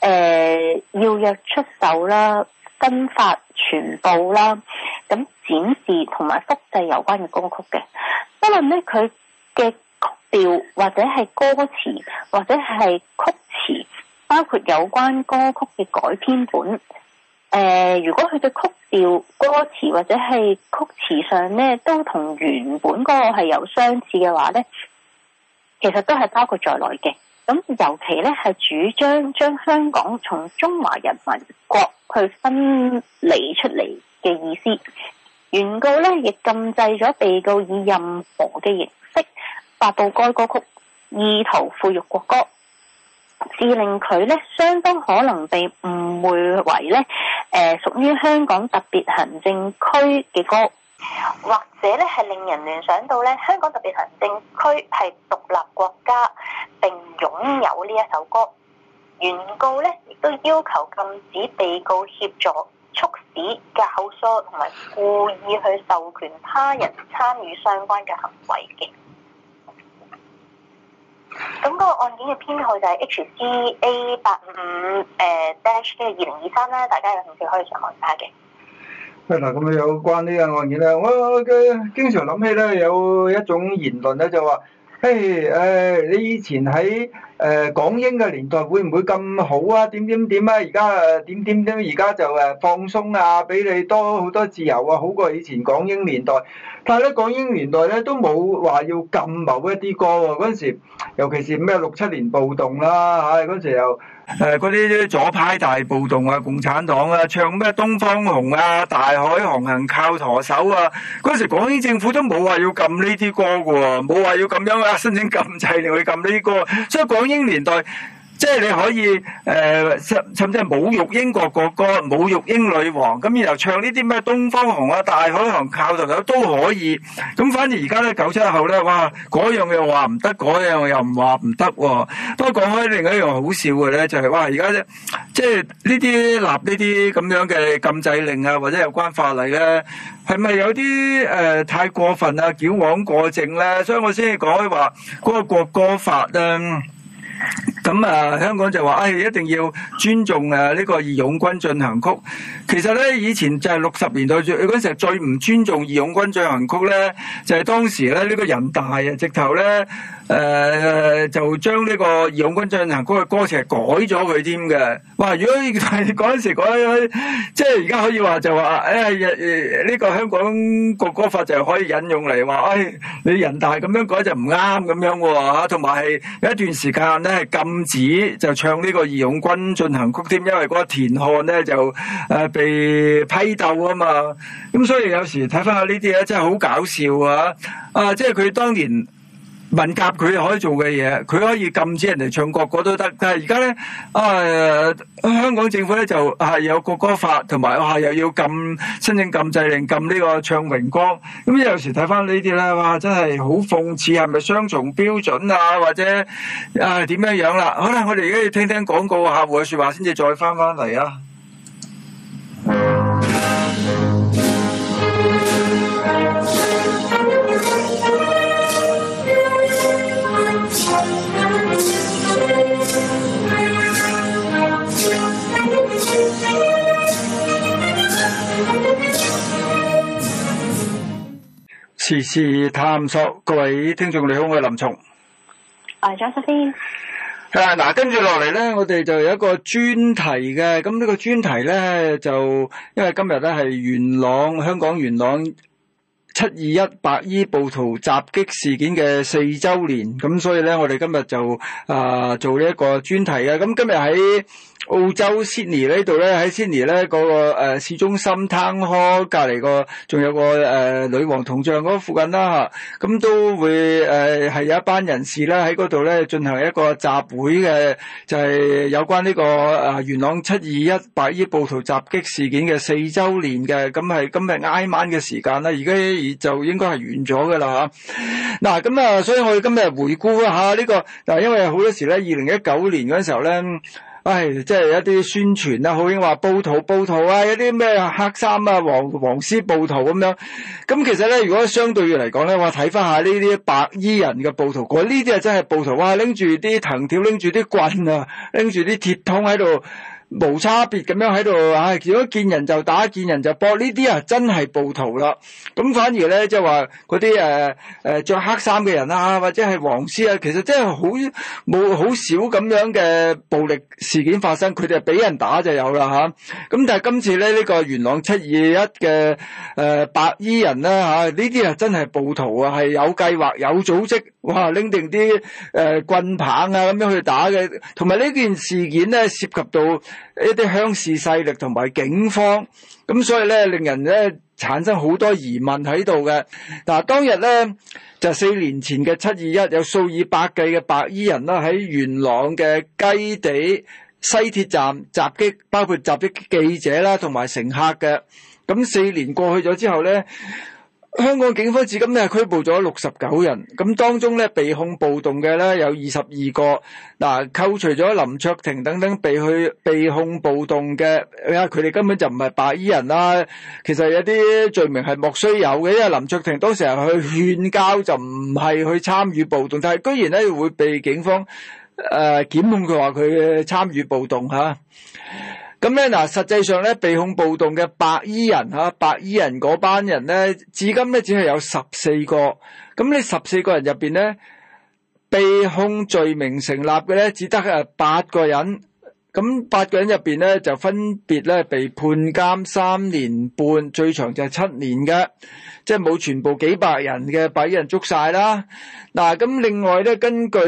呃、要約出售啦、分發傳播啦，咁展示同埋複製有關嘅歌曲嘅，不論咧佢嘅曲調或者係歌詞或者係曲詞，包括有關歌曲嘅改編本。呃、如果佢嘅曲調、歌詞或者係曲詞上呢，都同原本嗰個係有相似嘅話呢，其實都係包括在內嘅。咁尤其呢，係主張將香港從中華人民國去分離出嚟嘅意思，原告呢，亦禁制咗被告以任何嘅形式發佈該歌曲，意圖富育國歌。致令佢咧，相當可能被誤會為咧，屬於香港特別行政區嘅歌，或者咧係令人聯想到咧，香港特別行政區係獨立國家並擁有呢一首歌。原告咧，亦都要求禁止被告協助、促使、教唆同埋故意去授權他人參與相關嘅行為嘅。咁個案件嘅編號就係 H C A 八五五，誒 dash 即係，二零二三啦，大家有興趣可以上網查嘅。誒，嗱，咁，啊，有關呢個案件咧，我嘅經常諗起咧，有一種言論咧就話。譬、hey, 呃、你以前喺誒、呃、港英嘅年代會唔會咁好啊？點點點啊！而家、啊、點點點？而家就誒、啊、放鬆啊，俾你多好多自由啊，好過以前港英年代。但係咧，港英年代咧都冇話要禁某一啲歌喎、啊。嗰陣時，尤其是咩六七年暴動啦、啊，嚇嗰陣時又。誒，嗰啲、啊、左派大暴動啊，共產黨啊，唱咩《東方紅》啊，《大海航行靠舵手》啊，嗰時港英政府都冇話要禁呢啲歌噶，冇話要咁樣啊，申請禁制令去禁呢啲歌，所以港英年代。即係你可以誒、呃，甚至係侮辱英國國歌、侮辱英女王，咁然後唱呢啲咩東方紅啊、大海航行靠舵手都可以。咁反而而家咧九七後咧，哇，嗰樣嘢話唔得，嗰樣又唔話唔得喎，不過都講開另外一樣好笑嘅咧，就係、是、哇，而家即係呢啲立呢啲咁樣嘅禁制令啊，或者有關法例咧、啊，係咪有啲誒、呃、太過分啊、矯枉過正咧？所以我先至講開話嗰個國歌法咧。咁啊，香港就話：哎，一定要尊重誒呢個義勇軍進行曲。其實咧，以前就係六十年代最嗰陣時最唔尊重義勇軍進行曲咧，就係、是、當時咧呢、這個人大啊，直頭咧誒就將呢個義勇軍進行曲嘅歌詞係改咗佢添嘅。哇！如果嗰陣時改，即係而家可以話就話：哎，呢、這個香港國歌法就係可以引用嚟，話哎，你人大咁樣改就唔啱咁樣喎，同埋係有一段時間咧係禁止就唱呢個義勇軍進行曲添，因為嗰個田漢咧就誒被批鬥啊嘛，咁所以有時睇翻下呢啲嘢真係好搞笑啊！啊，即係佢當年。文革佢可以做嘅嘢，佢可以禁止人哋唱國歌都得。但係而家咧，啊、呃、香港政府咧就係、是、有國歌法，同埋又又要禁申請禁制令禁呢個唱榮光。咁有時睇翻呢啲咧，哇！真係好諷刺，係咪雙重標準啊？或者、呃、樣樣啊點樣樣啦？好啦，我哋而家要聽聽廣告客戶嘅説話先至再翻翻嚟啊！時事探索，各位聽眾你好，我係林松。誒，張生先。誒，嗱，跟住落嚟咧，我哋就有一個專題嘅。咁呢個專題咧，就因為今日咧係元朗香港元朗七二一白衣暴徒襲擊事件嘅四周年，咁所以咧，我哋今日就誒、呃、做呢一個專題嘅。咁今日喺澳洲悉尼呢度咧，喺悉尼咧嗰個誒市中心 Town Hall 隔籬個，仲有個誒女王銅像嗰附近啦吓，咁、啊、都會誒係、呃、有一班人士咧喺嗰度咧進行一個集會嘅，就係、是、有關呢、這個誒、啊、元朗七二一白衣暴徒襲擊事件嘅四周年嘅，咁係今日挨晚嘅時間啦，而家就應該係完咗噶啦吓。嗱、啊，咁啊，所以我哋今日回顧一下呢、這個嗱、啊，因為好多時咧，二零一九年嗰時時候咧。唉，即係一啲宣傳啊，好興話暴徒暴徒啊，一啲咩黃黑衫啊、黃絲暴徒咁樣。咁其實咧，如果相對嚟講咧，我睇翻下呢啲白衣人嘅暴，暴徒，哇！呢啲啊真係暴徒，啊，拎住啲藤條，拎住啲棍啊，拎住啲鐵桶喺度。無差別咁樣喺度，唉！如果見人就打，見人就搏，呢啲啊真係暴徒啦。咁反而咧，即係話嗰啲誒誒著黑衫嘅人啊或者係黃絲啊，其實真係好冇好少咁樣嘅暴力事件發生，佢哋係俾人打就有啦嚇。咁、啊、但係今次咧，呢個元朗七二一嘅誒白衣人咧嚇，呢啲啊，啊真係暴徒啊，係有計劃、有組織，哇！拎定啲誒棍棒啊咁樣去打嘅。同埋呢件事件咧涉及到。一啲鄉事勢力同埋警方，咁所以咧，令人咧產生好多疑問喺度嘅。嗱，當日咧就四年前嘅七二一，有數以百計嘅白衣人啦，喺元朗嘅雞地西鐵站襲擊，包括襲擊記者啦，同埋乘客嘅。咁四年過去咗之後咧。香港警方至今咧係拘捕咗六十九人，咁當中咧被控暴動嘅咧有二十二個，嗱扣除咗林卓廷等等被去被控暴動嘅，啊佢哋根本就唔係白衣人啦，其實有啲罪名係莫須有嘅，因為林卓廷當時係去勸交就唔係去參與暴動，但係居然咧會被警方誒檢控佢話佢參與暴動吓。咁咧嗱，實際上咧，被控暴動嘅白衣人吓，白衣人嗰班人咧，至今咧只係有十四個。咁呢十四個人入面咧，被控罪名成立嘅咧，只得係八個人。咁八個人入面咧，就分別咧被判監三年半，最長就係七年嘅，即係冇全部幾百人嘅白衣人捉曬啦。嗱，咁另外咧，根據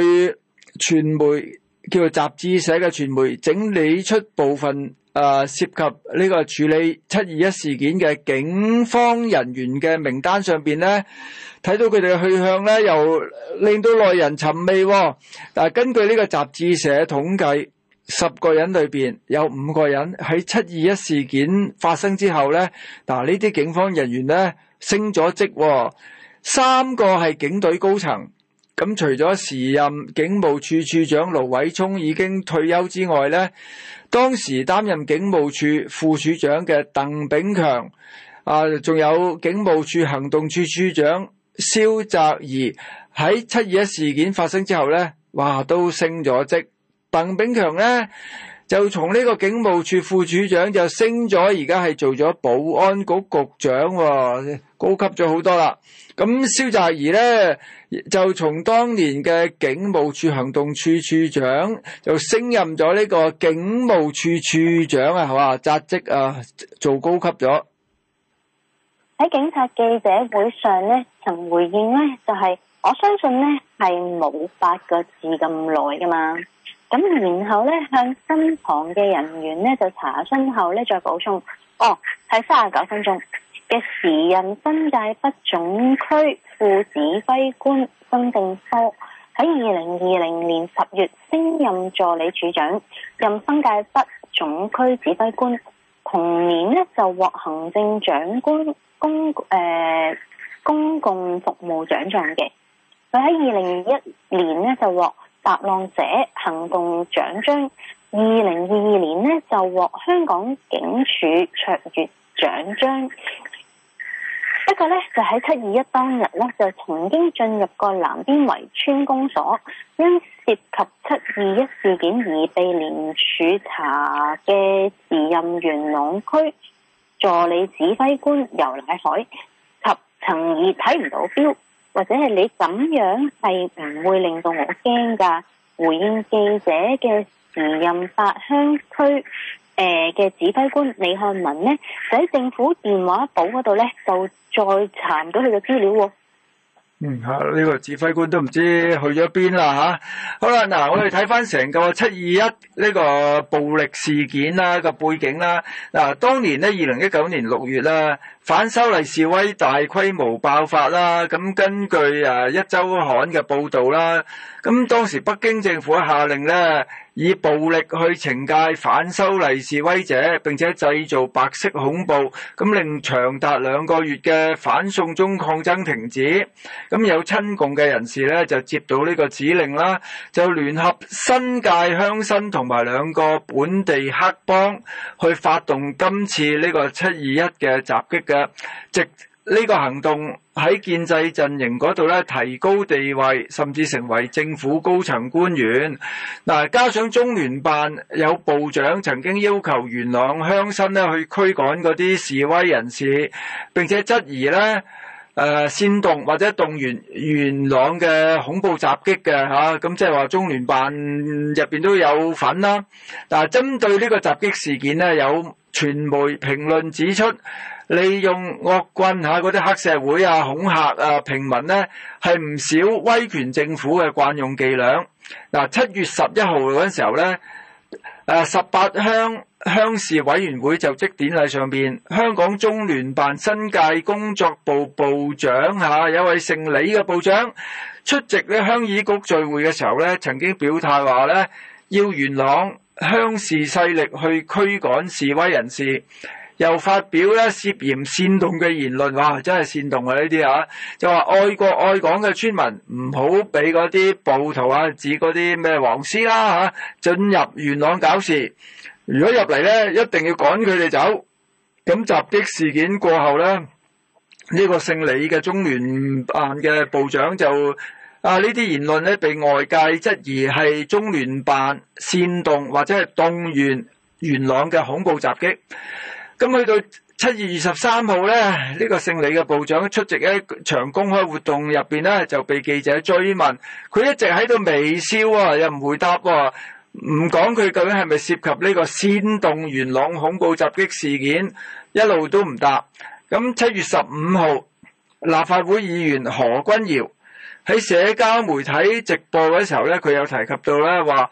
傳媒叫做雜誌社嘅傳媒整理出部分。誒，涉及呢個處理七二一事件嘅警方人員嘅名單上邊呢，睇到佢哋嘅去向呢，又令到耐人尋味。嗱，根據呢個雜誌社統計，十個人裏邊有五個人喺七二一事件發生之後呢，嗱呢啲警方人員呢升咗職，三個係警隊高層。咁除咗時任警務處處長盧偉聰已經退休之外呢。當時擔任警務處副處長嘅鄧炳強，啊，仲有警務處行動處處長蕭澤頤喺七二一事件發生之後呢，哇，都升咗職。鄧炳強呢，就從呢個警務處副處長就升咗，而家係做咗保安局局長，高級咗好多啦。咁蕭澤頤咧就從當年嘅警務處行動處處長，就升任咗呢個警務處處長啊，係嘛？扎職啊，做高級咗。喺警察記者會上咧，曾回應咧就係、是，我相信咧係冇八個字咁耐噶嘛。咁然後咧向身旁嘅人員咧就查詢後咧再補充，哦，係三十九分鐘。嘅時任新界北總區副指揮官曾正科，喺二零二零年十月升任助理處長，任新界北總區指揮官。同年呢，就獲行政長官公誒、呃、公共服務獎狀嘅。佢喺二零二一年呢，就獲踏浪者行動獎章，二零二二年呢，就獲香港警署卓越獎章。不過咧就喺七二一當日咧就曾經進入過南邊圍村公所，因涉及七二一事件而被廉署查嘅時任元朗區助理指揮官游乃海，及曾以睇唔到標，或者係你咁樣係唔會令到我驚㗎，回應記者嘅時任八鄉區。誒嘅指揮官李漢文呢，喺政府電話簿嗰度呢，就再查唔到佢嘅資料，哦。嗯，吓、這、呢個指揮官都唔知去咗邊啦吓。好啦，嗱、啊、我哋睇翻成個七二一呢個暴力事件啦個背景啦。嗱、啊、當年呢，二零一九年六月啦，反修例示威大規模爆發啦。咁、啊、根據誒、啊、一周刊嘅報道啦，咁、啊、當時北京政府下令呢。以暴力去懲戒反修例示威者，並且製造白色恐怖，咁令長達兩個月嘅反送中抗爭停止。咁有親共嘅人士咧，就接到呢個指令啦，就聯合新界鄉紳同埋兩個本地黑幫去發動今次呢個七二一嘅襲擊嘅即。呢個行動喺建制陣營嗰度咧，提高地位，甚至成為政府高層官員。嗱，加上中聯辦有部長曾經要求元朗鄉紳去驅趕嗰啲示威人士，並且質疑呢誒、呃、煽動或者動員元，元朗嘅恐怖襲擊嘅嚇，咁即係話中聯辦入面都有份啦。啊、針對呢個襲擊事件呢，有傳媒評論指出。利用惡棍下嗰啲黑社會啊、恐嚇啊、平民呢，係唔少威權政府嘅慣用伎倆。嗱，七月十一號嗰時候呢，誒十八鄉鄉事委員會就職典禮上邊，香港中聯辦新界工作部部長嚇，有位姓李嘅部長出席呢鄉議局聚會嘅時候呢，曾經表態話呢，要元朗鄉事勢力去驅趕示威人士。又發表咧涉嫌煽動嘅言論，哇！真係煽動啊！呢啲啊，就話愛國愛港嘅村民唔好俾嗰啲暴徒啊，指嗰啲咩黃絲啦、啊、嚇進入元朗搞事。如果入嚟咧，一定要趕佢哋走。咁襲擊事件過後咧，呢、呢個姓李嘅中聯辦嘅部長就啊呢啲言論咧，被外界質疑係中聯辦煽動或者係動員元朗嘅恐怖襲擊。咁去到七月二十三號咧，呢個姓李嘅部長出席一場公開活動入邊，咧，就被記者追問，佢一直喺度微笑啊，又唔回答喎，唔講佢究竟係咪涉及呢個煽動元朗恐怖襲擊事件，一路都唔答。咁七月十五號，立法會議員何君堯喺社交媒體直播嘅時候咧，佢有提及到咧話，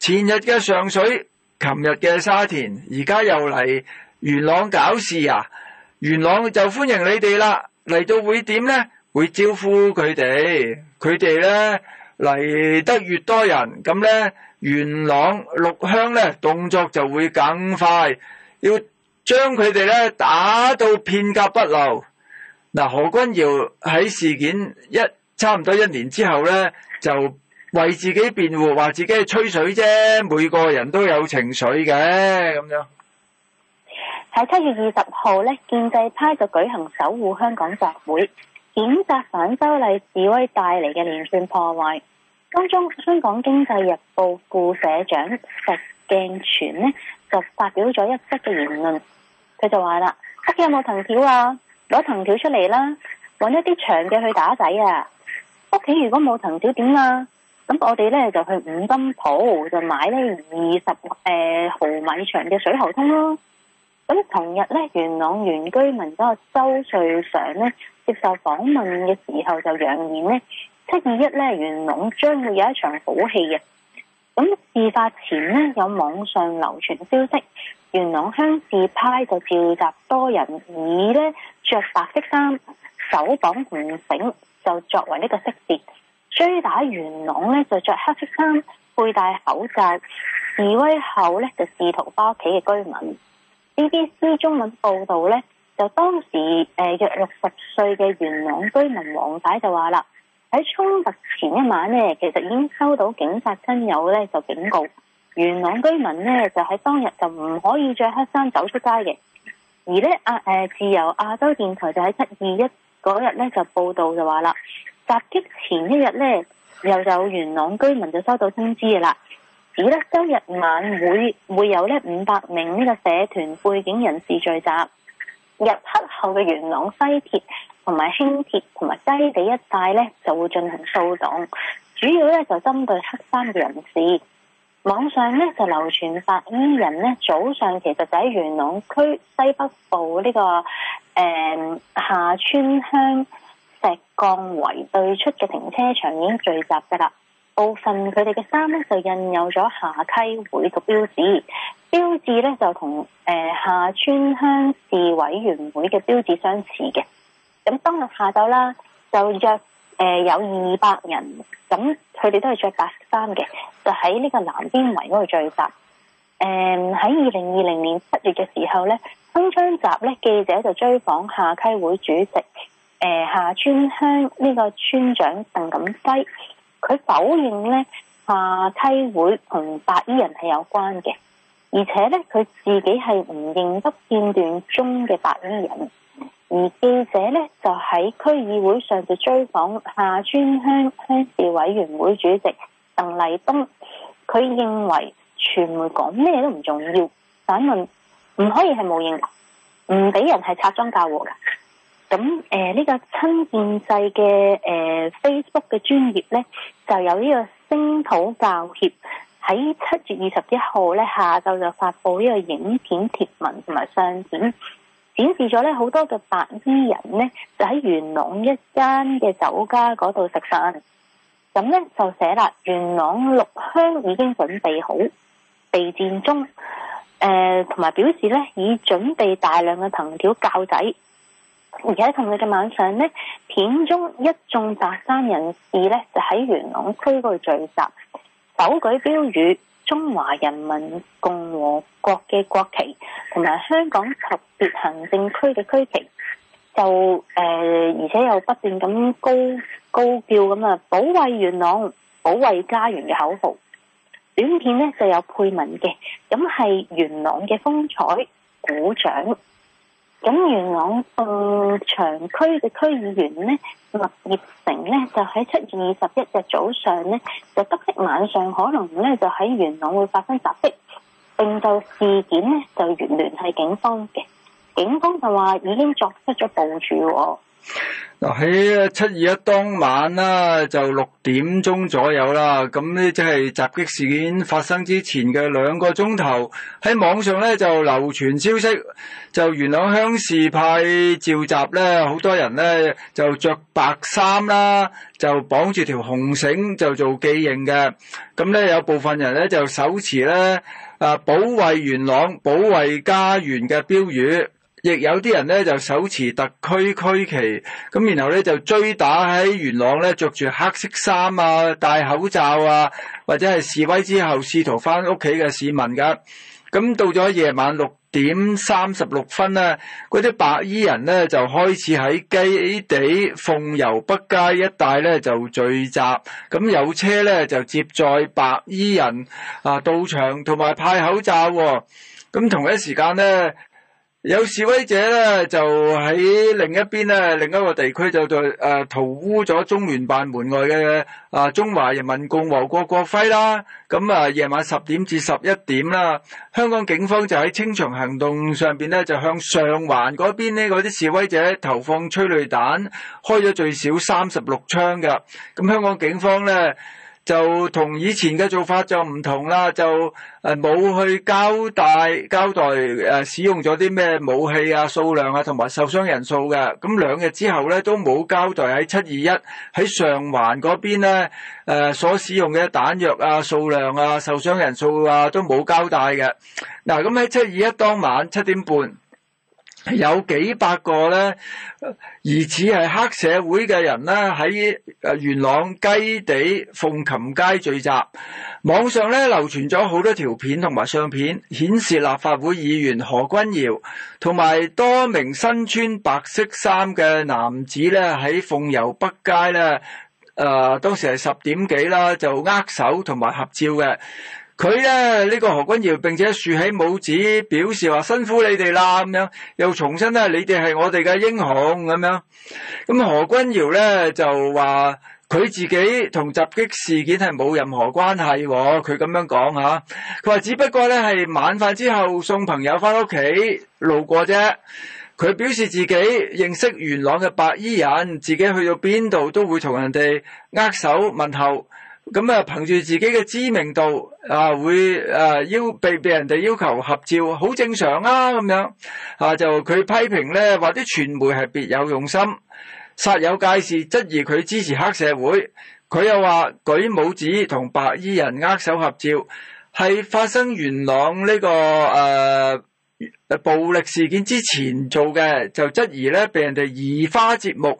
前日嘅上水，琴日嘅沙田，而家又嚟元朗搞事啊，元朗就歡迎你哋啦。嚟到會點呢？會招呼佢哋。佢哋呢，嚟得越多人，咁呢元朗、六鄉呢，動作就會更快，要將佢哋呢打到片甲不留。嗱，何君堯喺事件一差唔多一年之後呢，就為自己辯護，話自己係吹水啫，每個人都有情緒嘅咁樣。喺七月二十號咧，建制派就舉行守護香港集會，譴責反修例示威帶嚟嘅連串破壞。當中，香港經濟日報副社長石鏡泉咧就發表咗一則嘅言論，佢就話啦：屋企有冇藤條啊？攞藤條、啊、出嚟啦，揾一啲長嘅去打仔啊！屋企如果冇藤條點啊？咁我哋咧就去五金鋪就買呢二十誒毫米長嘅水喉通咯。咁同日咧，元朗原居民嗰個周瑞祥咧接受訪問嘅時候就揚言咧，七二一咧元朗將會有一場好戲嘅。咁事發前咧，有網上流傳消息，元朗鄉事派就召集多人以，以咧着白色衫、手綁紅繩就作為呢個識別，追打元朗咧就着黑色衫、佩戴口罩示威後咧就試圖翻屋企嘅居民。BBC 中文報道呢，就當時、呃、約六十歲嘅元朗居民黃太就話啦：喺衝突前一晚呢，其實已經收到警察親友呢就警告元朗居民呢就喺當日就唔可以着黑衫走出街嘅。而呢、啊呃、自由亞洲電台就喺七二一嗰日呢就報道就話啦：襲擊前一日呢，又有元朗居民就收到通知嘅啦。指咧周日晚會會有咧五百名呢個社團背景人士聚集。入黑後嘅元朗西鐵同埋輕鐵同埋雞地一帶咧就會進行掃動，主要咧就針對黑衫嘅人士。網上咧就流傳白衣人咧早上其實就喺元朗區西北部呢個誒廈村鄉錫降圍對出嘅停車場已經聚集噶啦。部分佢哋嘅衫咧就印有咗下溪會嘅標誌，標誌咧就同誒下川鄉事委員會嘅標誌相似嘅。咁當日下晝啦，就約誒有二百人，咁佢哋都係着白衫嘅，就喺呢個南邊圍嗰度聚集。誒，喺二零二零年七月嘅時候咧，東張集咧記者就追訪下溪會主席誒下川鄉呢個村長鄧錦西。佢否認咧，下、啊、窰會同白衣人係有關嘅，而且咧佢自己係唔認得片段中嘅白衣人。而記者咧就喺區議會上就追訪廈村鄉鄉事委員會主席鄧勵東，佢認為傳媒講咩都唔重要，反問唔可以係無認，唔俾人係栽贓嫁禍㗎。咁誒，呢、呃這個親建制嘅誒、呃、Facebook 嘅專頁呢，就有呢、這個星島教協喺七月二十一號呢，下晝就發布呢個影片貼文同埋相片，展示咗呢好多嘅白衣人呢，就喺元朗一間嘅酒家嗰度食飯。咁呢就寫啦，元朗六鄉已經準備好備戰中，誒、呃，同埋表示呢，已準備大量嘅藤條教仔。而家同你嘅晚上呢，片中一眾白衫人士呢，就喺元朗區嗰度聚集，手舉標語、中華人民共和國嘅國旗同埋香港特別行政區嘅區旗，就、呃、而且又不斷咁高高叫咁啊，保衛元朗、保衛家園嘅口號。短片呢就有配文嘅，咁係元朗嘅風采，鼓掌。咁元朗到長區嘅區議員呢，麥業成呢，就喺七月二十一日早上呢，就急襲晚上，可能呢，就喺元朗會發生襲擊，並就事件呢，就聯聯繫警方嘅，警方就話已經作出咗部署。嗱喺七二一當晚啦，就六點鐘左右啦，咁呢，即係襲擊事件發生之前嘅兩個鐘頭，喺網上咧就流傳消息，就元朗鄉事派召集咧好多人咧就着白衫啦，就綁住條紅繩就做記認嘅，咁咧有部分人咧就手持咧啊保衛元朗、保衛家園嘅標語。亦有啲人咧就手持特區區旗，咁然後咧就追打喺元朗咧著住黑色衫啊、戴口罩啊，或者係示威之後試圖翻屋企嘅市民噶。咁到咗夜晚六點三十六分呢，嗰啲白衣人咧就開始喺雞地鳳攸北街一帶咧就聚集，咁有車咧就接載白衣人啊到場，同埋派口罩、哦。咁同一時間咧。有示威者咧，就喺另一邊咧，另一個地區就在誒塗污咗中聯辦門外嘅啊中華人民共和國國徽啦。咁啊，夜晚十點至十一點啦，香港警方就喺清場行動上邊咧，就向上環嗰邊呢，嗰啲示威者投放催淚彈，開咗最少三十六槍㗎。咁香港警方咧。就同以前嘅做法就唔同啦，就誒冇去交代交代誒使用咗啲咩武器啊、數量啊同埋受傷人數嘅。咁兩日之後咧，都冇交代喺七二一喺上環嗰邊咧誒所使用嘅彈藥啊、數量啊、受傷人數啊都冇交代嘅。嗱，咁喺七二一當晚七點半，有幾百個呢，疑似係黑社會嘅人呢，喺元朗雞地鳳琴街聚集。網上呢，流傳咗好多條片同埋相片，顯示立法會議員何君堯同埋多名身穿白色衫嘅男子呢，喺鳳攸北街呢、呃，當時係十點幾啦，就握手同埋合照嘅。佢咧呢，這個何君堯，並且豎起拇指表示話辛苦你哋啦，咁樣又重新咧，你哋係我哋嘅英雄咁樣。咁何君堯咧就話佢自己同襲擊事件係冇任何關係，佢咁樣講嚇。佢話只不過咧係晚飯之後送朋友翻屋企路過啫。佢表示自己認識元朗嘅白衣人，自己去到邊度都會同人哋握手問候。咁啊，憑住自己嘅知名度，啊會要、啊、被別人哋要求合照，好正常啊咁樣，啊就佢批評咧話啲傳媒係別有用心，煞有介事，質疑佢支持黑社會。佢又話舉拇指同白衣人握手合照，係發生元朗呢、呢個誒，呃暴力事件之前做嘅就質疑咧，被人哋移花接木。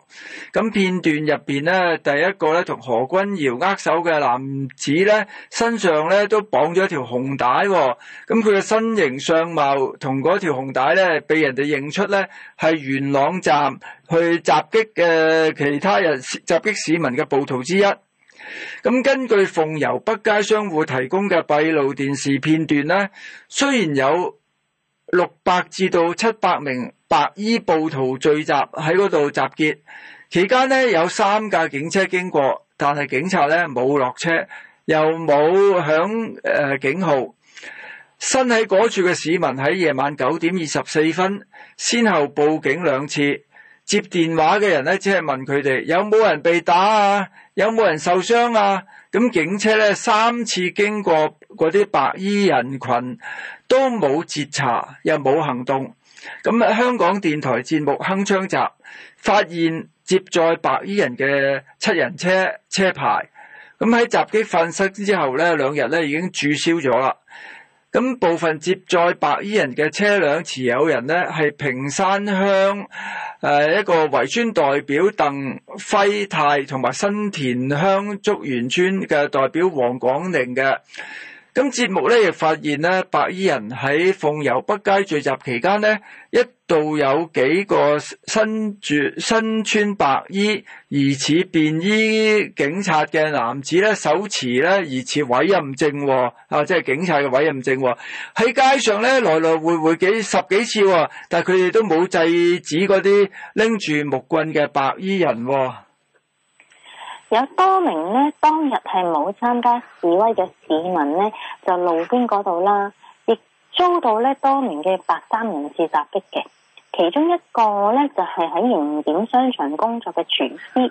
咁片段入邊咧，第一個咧同何君堯握手嘅男子咧，身上咧都綁咗一條紅帶，哦。咁佢嘅身形相貌同嗰條紅帶咧，被人哋認出咧係元朗站去襲擊嘅其他人襲擊市民嘅暴徒之一。咁根據鳳攸北街商戶提供嘅閉路電視片段咧，雖然有六百至到七百名白衣暴徒聚集喺嗰度集結，期間咧有三架警車經過，但係警察咧冇落車，又冇響誒警號，身喺嗰處嘅市民喺夜晚九點二十四分先後報警兩次。接電話嘅人咧，只係問佢哋有冇人被打啊，有冇人受傷啊？咁警車咧三次經過嗰啲白衣人群，都冇截查又冇行動。咁啊，香港電台節目《鏗鏘集》發現接載白衣人嘅七人車車牌，咁喺襲擊發生之後咧，兩日咧已經註銷咗啦。咁部分接載白衣人嘅車輛持有人呢，係屏山鄉，誒一個圍村代表鄧輝泰，同埋新田鄉竹園村嘅代表黃廣寧嘅。咁節目咧亦發現咧，白衣人喺鳳攸北街聚集期間咧，一度有幾個身著身穿白衣、疑似便衣警察嘅男子咧，手持咧疑似委任證喎，啊，即係警察嘅委任證喎，喺街上咧來來回回幾十幾次喎，但係佢哋都冇制止嗰啲拎住木棍嘅白衣人喎。有多名咧，當日係冇參加示威嘅市民咧，就路邊嗰度啦，亦遭到咧多名嘅白衫人士襲擊嘅。其中一個咧就係、是、喺營點商場工作嘅廚師，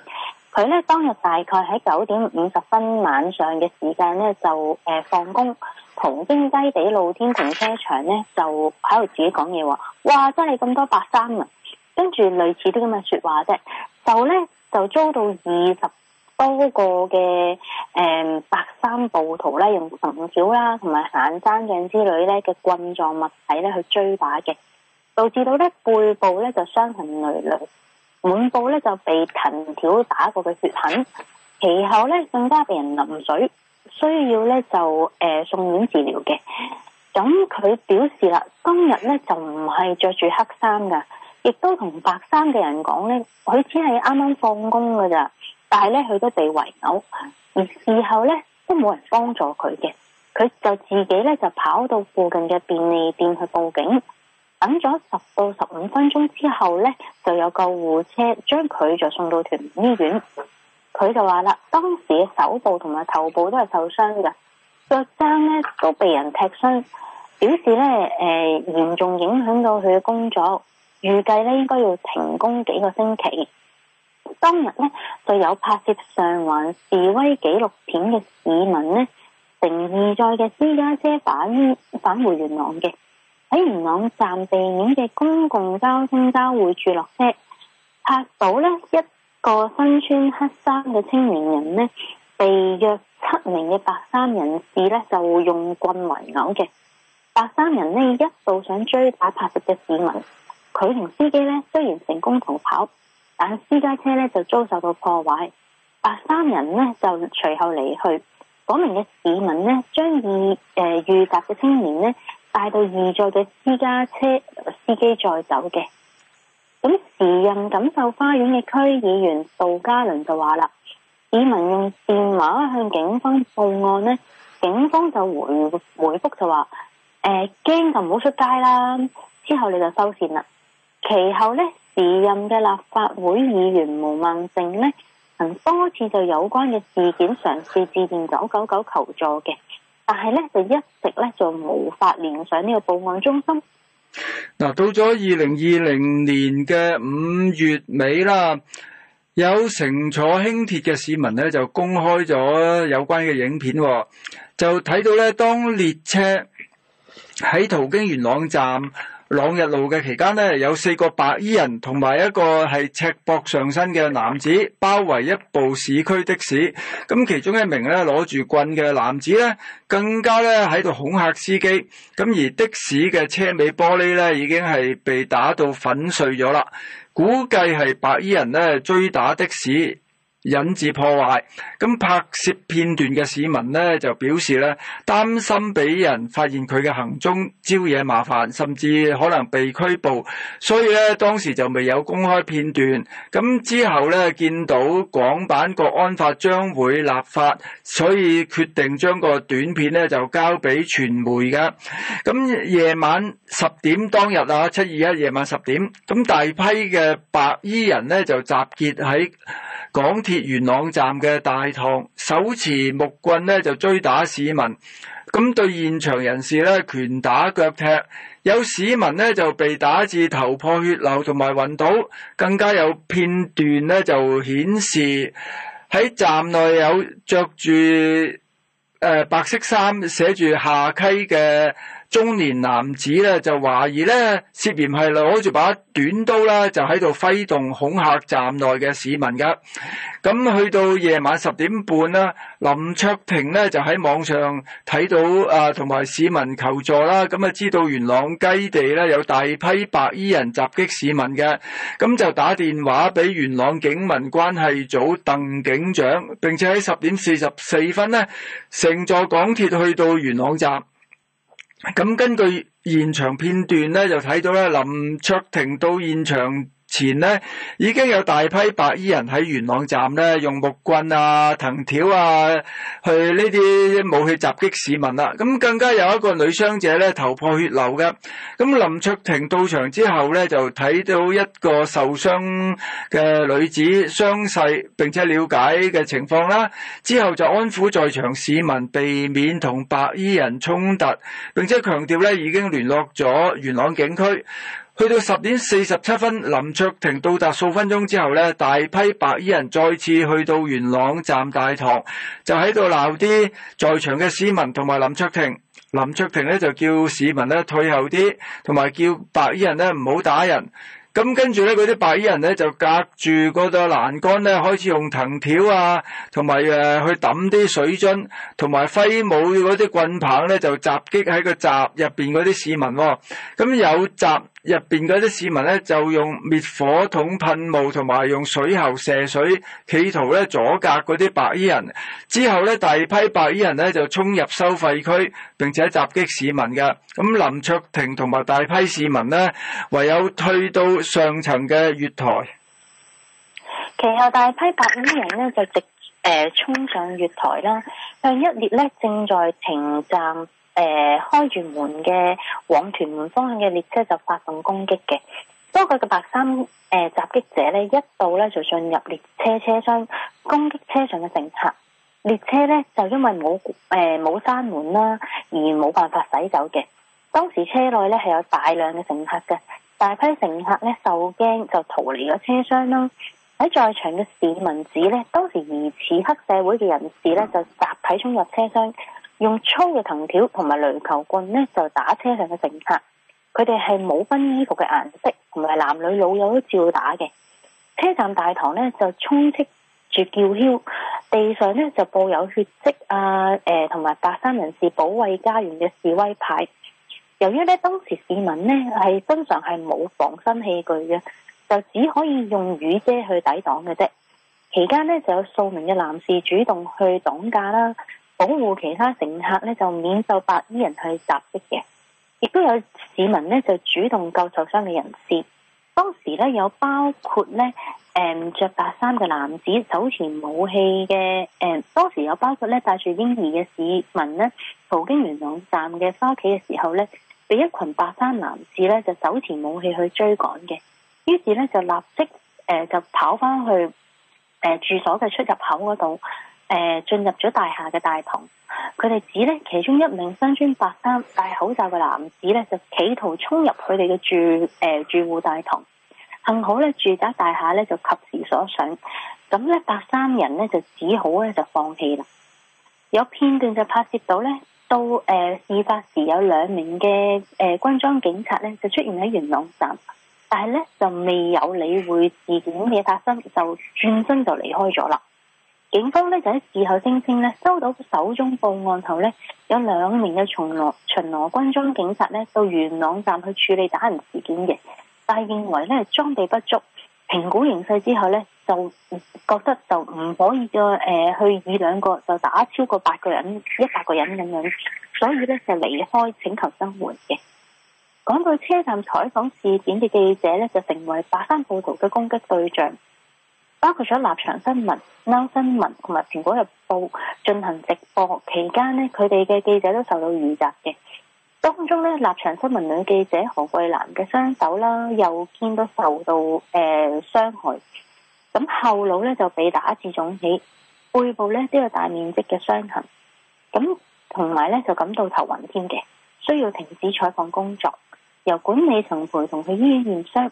佢咧當日大概喺九點五十分晚上嘅時間咧，就誒、呃、放工，同燈雞地露天停車場咧，就喺度自己講嘢話，哇！真係咁多白衫啊！跟住類似啲咁嘅説話啫，就咧就遭到二十。多個嘅誒白衫暴徒咧，用藤條啦同埋行山杖之類咧嘅棍狀物體咧去追打嘅，導致到咧背部咧就傷痕累累，滿布咧就被藤條打過嘅血痕，其後咧更加被人淋水，需要咧就誒、呃、送院治療嘅。咁佢表示啦，當日咧就唔係着住黑衫噶，亦都同白衫嘅人講咧，佢只係啱啱放工噶咋。但係咧，佢都被圍毆，而事後咧都冇人幫助佢嘅，佢就自己咧就跑到附近嘅便利店去報警。等咗十到十五分鐘之後咧，就有救護車將佢就送到屯門醫院。佢就話啦，當時嘅手部同埋頭部都係受傷噶，腳踭咧都被人踢傷，表示咧誒嚴重影響到佢嘅工作，預計咧應該要停工幾個星期。當日咧就有拍攝上環示威紀錄片嘅市民咧，乘二載嘅私家車返返回元朗嘅，喺元朗站地面嘅公共交通交匯處落車，拍到咧一個身穿黑衫嘅青年人呢被約七名嘅白衫人士咧就用棍圍毆嘅。白衫人呢一度想追打拍攝嘅市民，佢同司機咧雖然成功逃跑，但私家車咧就遭受到破壞，啊三人咧就隨後離去。嗰名嘅市民咧將二誒、呃、遇襲嘅青年咧帶到二座嘅私家車司機載走嘅。咁時任錦繡花園嘅區議員杜嘉倫就話啦：市民用電話向警方報案咧，警方就回回覆就話驚、呃、就唔好出街啦，之後你就收線啦。其後咧。時任嘅立法會議員毛孟靜呢，曾多次就有關嘅事件嘗試致電九九九求助嘅，但係咧就一直咧就無法連上呢個報案中心。嗱，到咗二零二零年嘅五月尾啦，有乘坐輕鐵嘅市民咧就公開咗有關嘅影片，哦，就睇到咧當列車喺途經元朗站朗日路嘅期間呢，有四個白衣人同埋一個係赤膊上身嘅男子，包圍一部市區的士，咁其中一名咧攞住棍嘅男子咧，更加咧喺度恐嚇司機，咁而的士嘅車尾玻璃咧已經係被打到粉碎咗啦，估計係白衣人咧追打的士，引致破壞咁拍攝片段嘅市民呢，就表示呢，擔心俾人發現佢嘅行蹤招惹麻煩，甚至可能被拘捕，所以呢，當時就未有公開片段。咁之後呢，見到港版國安法將會立法，所以決定將個短片呢就交俾傳媒㗎。咁夜晚十點當日啊，七二一夜晚十點，咁大批嘅白衣人呢，就集結喺港鐵元朗站嘅大堂，手持木棍咧就追打市民，咁對現場人士咧拳打腳踢，有市民咧就被打至頭破血流同埋暈倒，更加有片段咧就顯示喺站內有著住、呃、白色衫寫住下溪嘅。中年男子咧就懷疑咧涉嫌係攞住把短刀啦，就喺度揮動恐嚇站內嘅市民嘅。咁去到夜晚十點半啦，林卓廷咧就喺網上睇到啊，同埋市民求助啦。咁啊，知道元朗雞地咧有大批白衣人襲擊市民嘅，咁就打電話俾元朗警民關係組鄧警長，並且喺十點四十四分咧乘坐港鐵去到元朗站。咁根據現場片段咧，就睇到咧林卓廷到現場。前呢，已經有大批白衣人喺元朗站咧用木棍啊、藤條啊去呢啲武器襲擊市民啦，啊。咁更加有一個女傷者咧頭破血流嘅。咁林卓廷到場之後咧就睇到一個受傷嘅女子傷勢，並且了解嘅情況啦。之後就安撫在場市民，避免同白衣人衝突。並且強調咧已經聯絡咗元朗警區。去到十點四十七分，林卓廷到達數分鐘之後咧，大批白衣人再次去到元朗站大堂，就喺度鬧啲在場嘅市民同埋林卓廷。林卓廷咧就叫市民咧退後啲，同埋叫白衣人咧唔好打人。咁跟住咧，嗰啲白衣人咧就隔住嗰個欄杆咧，開始用藤條啊，同埋誒去抌啲水樽，同埋揮舞嗰啲棍棒咧，就襲擊喺個閘入邊嗰啲市民，哦。咁有閘。入邊嗰啲市民咧就用滅火筒噴霧同埋用水喉射水，企圖咧阻隔嗰啲白衣人。之後咧，大批白衣人咧就衝入收費區，並且襲擊市民嘅。咁林卓廷同埋大批市民咧唯有退到上層嘅月台。其後大批白衣人咧就直誒衝、呃、上月台啦，向一列咧正在停站，誒，開住門嘅往屯門方向嘅列車就發動攻擊嘅。不過佢嘅白衫誒襲擊者呢一度呢就進入列車車廂，攻擊車上嘅乘客。列車呢，就因為冇誒冇閂門啦，而冇辦法駛走嘅。當時車內呢係有大量嘅乘客嘅，大批乘客呢受驚就逃離咗車廂啦。喺在場嘅市民指呢當時疑似黑社會嘅人士呢就集體沖入車廂。用粗嘅藤條同埋壘球棍呢，就打車上嘅乘客。佢哋係冇分衣服嘅顏色，同埋男女老幼都照打嘅。車站大堂呢，就充斥住叫囂，地上呢，就佈有血跡啊！誒、呃，同埋白衫人士保衛家園嘅示威牌。由於呢，當時市民呢係身上係冇防身器具嘅，就只可以用雨遮去抵擋嘅啫。期間呢，就有數名嘅男士主動去擋架啦。保護其他乘客咧，就免受白衣人去襲擊嘅。亦都有市民咧，就主動救受傷嘅人士。當時咧有包括咧，誒着白衫嘅男子手持武器嘅，誒當時有包括咧，帶住嬰兒嘅市民咧，途經元朗站嘅翻屋企嘅時候咧，被一群白衫男子咧就手持武器去追趕嘅。於是咧就立即誒就跑翻去誒住所嘅出入口嗰度。誒，進入咗大廈嘅大堂，佢哋指咧，其中一名身穿白衫、戴口罩嘅男子咧，就企圖衝入佢哋嘅住誒、呃、住戶大堂。幸好咧，住宅大廈咧就及時鎖上，咁咧白衫人咧就只好咧就放棄啦。有片段就拍攝到咧，到誒、呃、事發時有兩名嘅誒、呃、軍裝警察咧就出現喺元朗站，但係咧就未有理會事件嘅發生，就轉身就離開咗啦。警方咧就喺事後聲稱咧，收到首宗報案後咧，有兩名嘅巡邏巡邏軍裝警察咧到元朗站去處理打人事件嘅，但係認為咧裝備不足，評估形勢之後咧就覺得就唔可以誒、呃、去以兩個就打超過八個人一百個人咁樣，所以咧就離開請求支援嘅。講到車站採訪事件嘅記者咧，就成為白衫暴徒嘅攻擊對象。包括咗立場新聞、Now 新聞同埋蘋果日報進行直播期間呢，佢哋嘅記者都受到襲擊嘅。當中呢，立場新聞女記者何桂蘭嘅雙手啦、右肩都受到呃傷害，咁後腦呢就俾打至腫起，背部呢都有大面積嘅傷痕，咁同埋呢，就感到頭暈添嘅，需要停止採訪工作，由管理層陪同去醫院驗傷。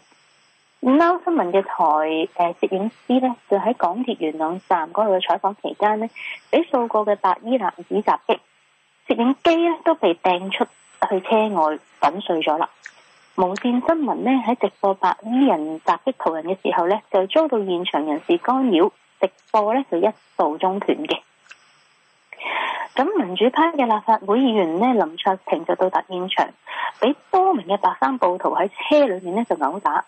Now 新聞嘅台誒攝影師咧，就喺港鐵元朗站嗰度嘅採訪期間呢，俾數個嘅白衣男子襲擊，攝影機咧都被掟出去車外粉碎咗啦。無綫新聞呢，喺直播白衣人襲擊途人嘅時候呢，就遭到現場人士干擾，直播呢，就一度中斷嘅。咁民主派嘅立法會議員呢，林卓廷就到達現場，俾多名嘅白衫暴徒喺車裏面呢，就毆打。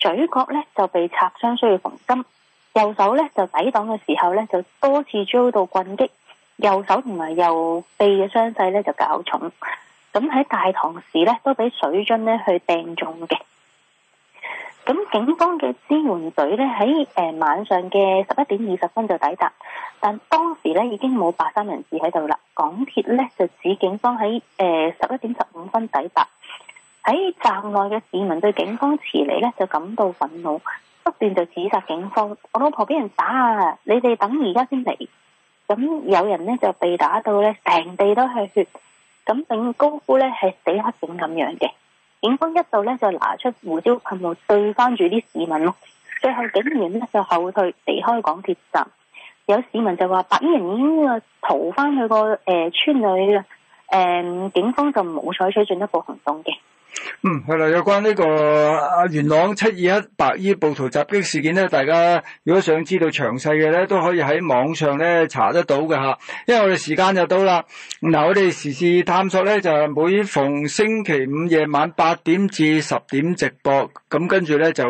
嘴角咧就被插傷，需要縫針；右手咧就抵擋嘅時候咧，就多次遭到棍擊，右手同埋右臂嘅傷勢咧就較重。咁喺大堂時咧都俾水樽咧去掟中嘅。咁警方嘅支援隊咧喺、呃、晚上嘅十一點二十分就抵達，但當時咧已經冇白衫人士喺度啦。港鐵咧就指警方喺、呃、十一點十五分抵達。喺站內嘅市民對警方遲嚟咧就感到憤怒，不斷就指責警方：我老婆俾人打啊！你哋等而家先嚟。咁有人咧就被打到咧成地都係血，咁並高呼咧係死黑警咁樣嘅。警方一度咧就拿出胡椒噴霧對翻住啲市民咯。最後警員咧就後退離開港鐵站。有市民就話：白衣人已經啊逃翻去個誒、呃、村裏啦。誒、呃，警方就冇採取進一步行動嘅。嗯，係啦，有關呢個元朗七二一白衣暴徒襲擊事件咧，大家如果想知道詳細嘅咧，都可以喺網上咧查得到嘅吓。因為我哋時間就到啦，嗱，我哋時事探索咧就每逢星期五夜晚八點至十點直播，咁跟住咧就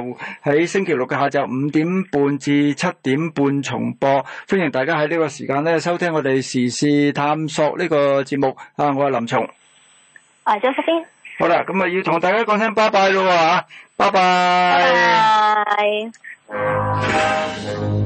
喺星期六嘅下晝五點半至七點半重播。歡迎大家喺呢個時間咧收聽我哋時事探索呢個節目。啊，我係林松。啊，張淑好啦，咁啊要同大家講聲拜拜咯喎嚇，拜拜 bye bye。Bye.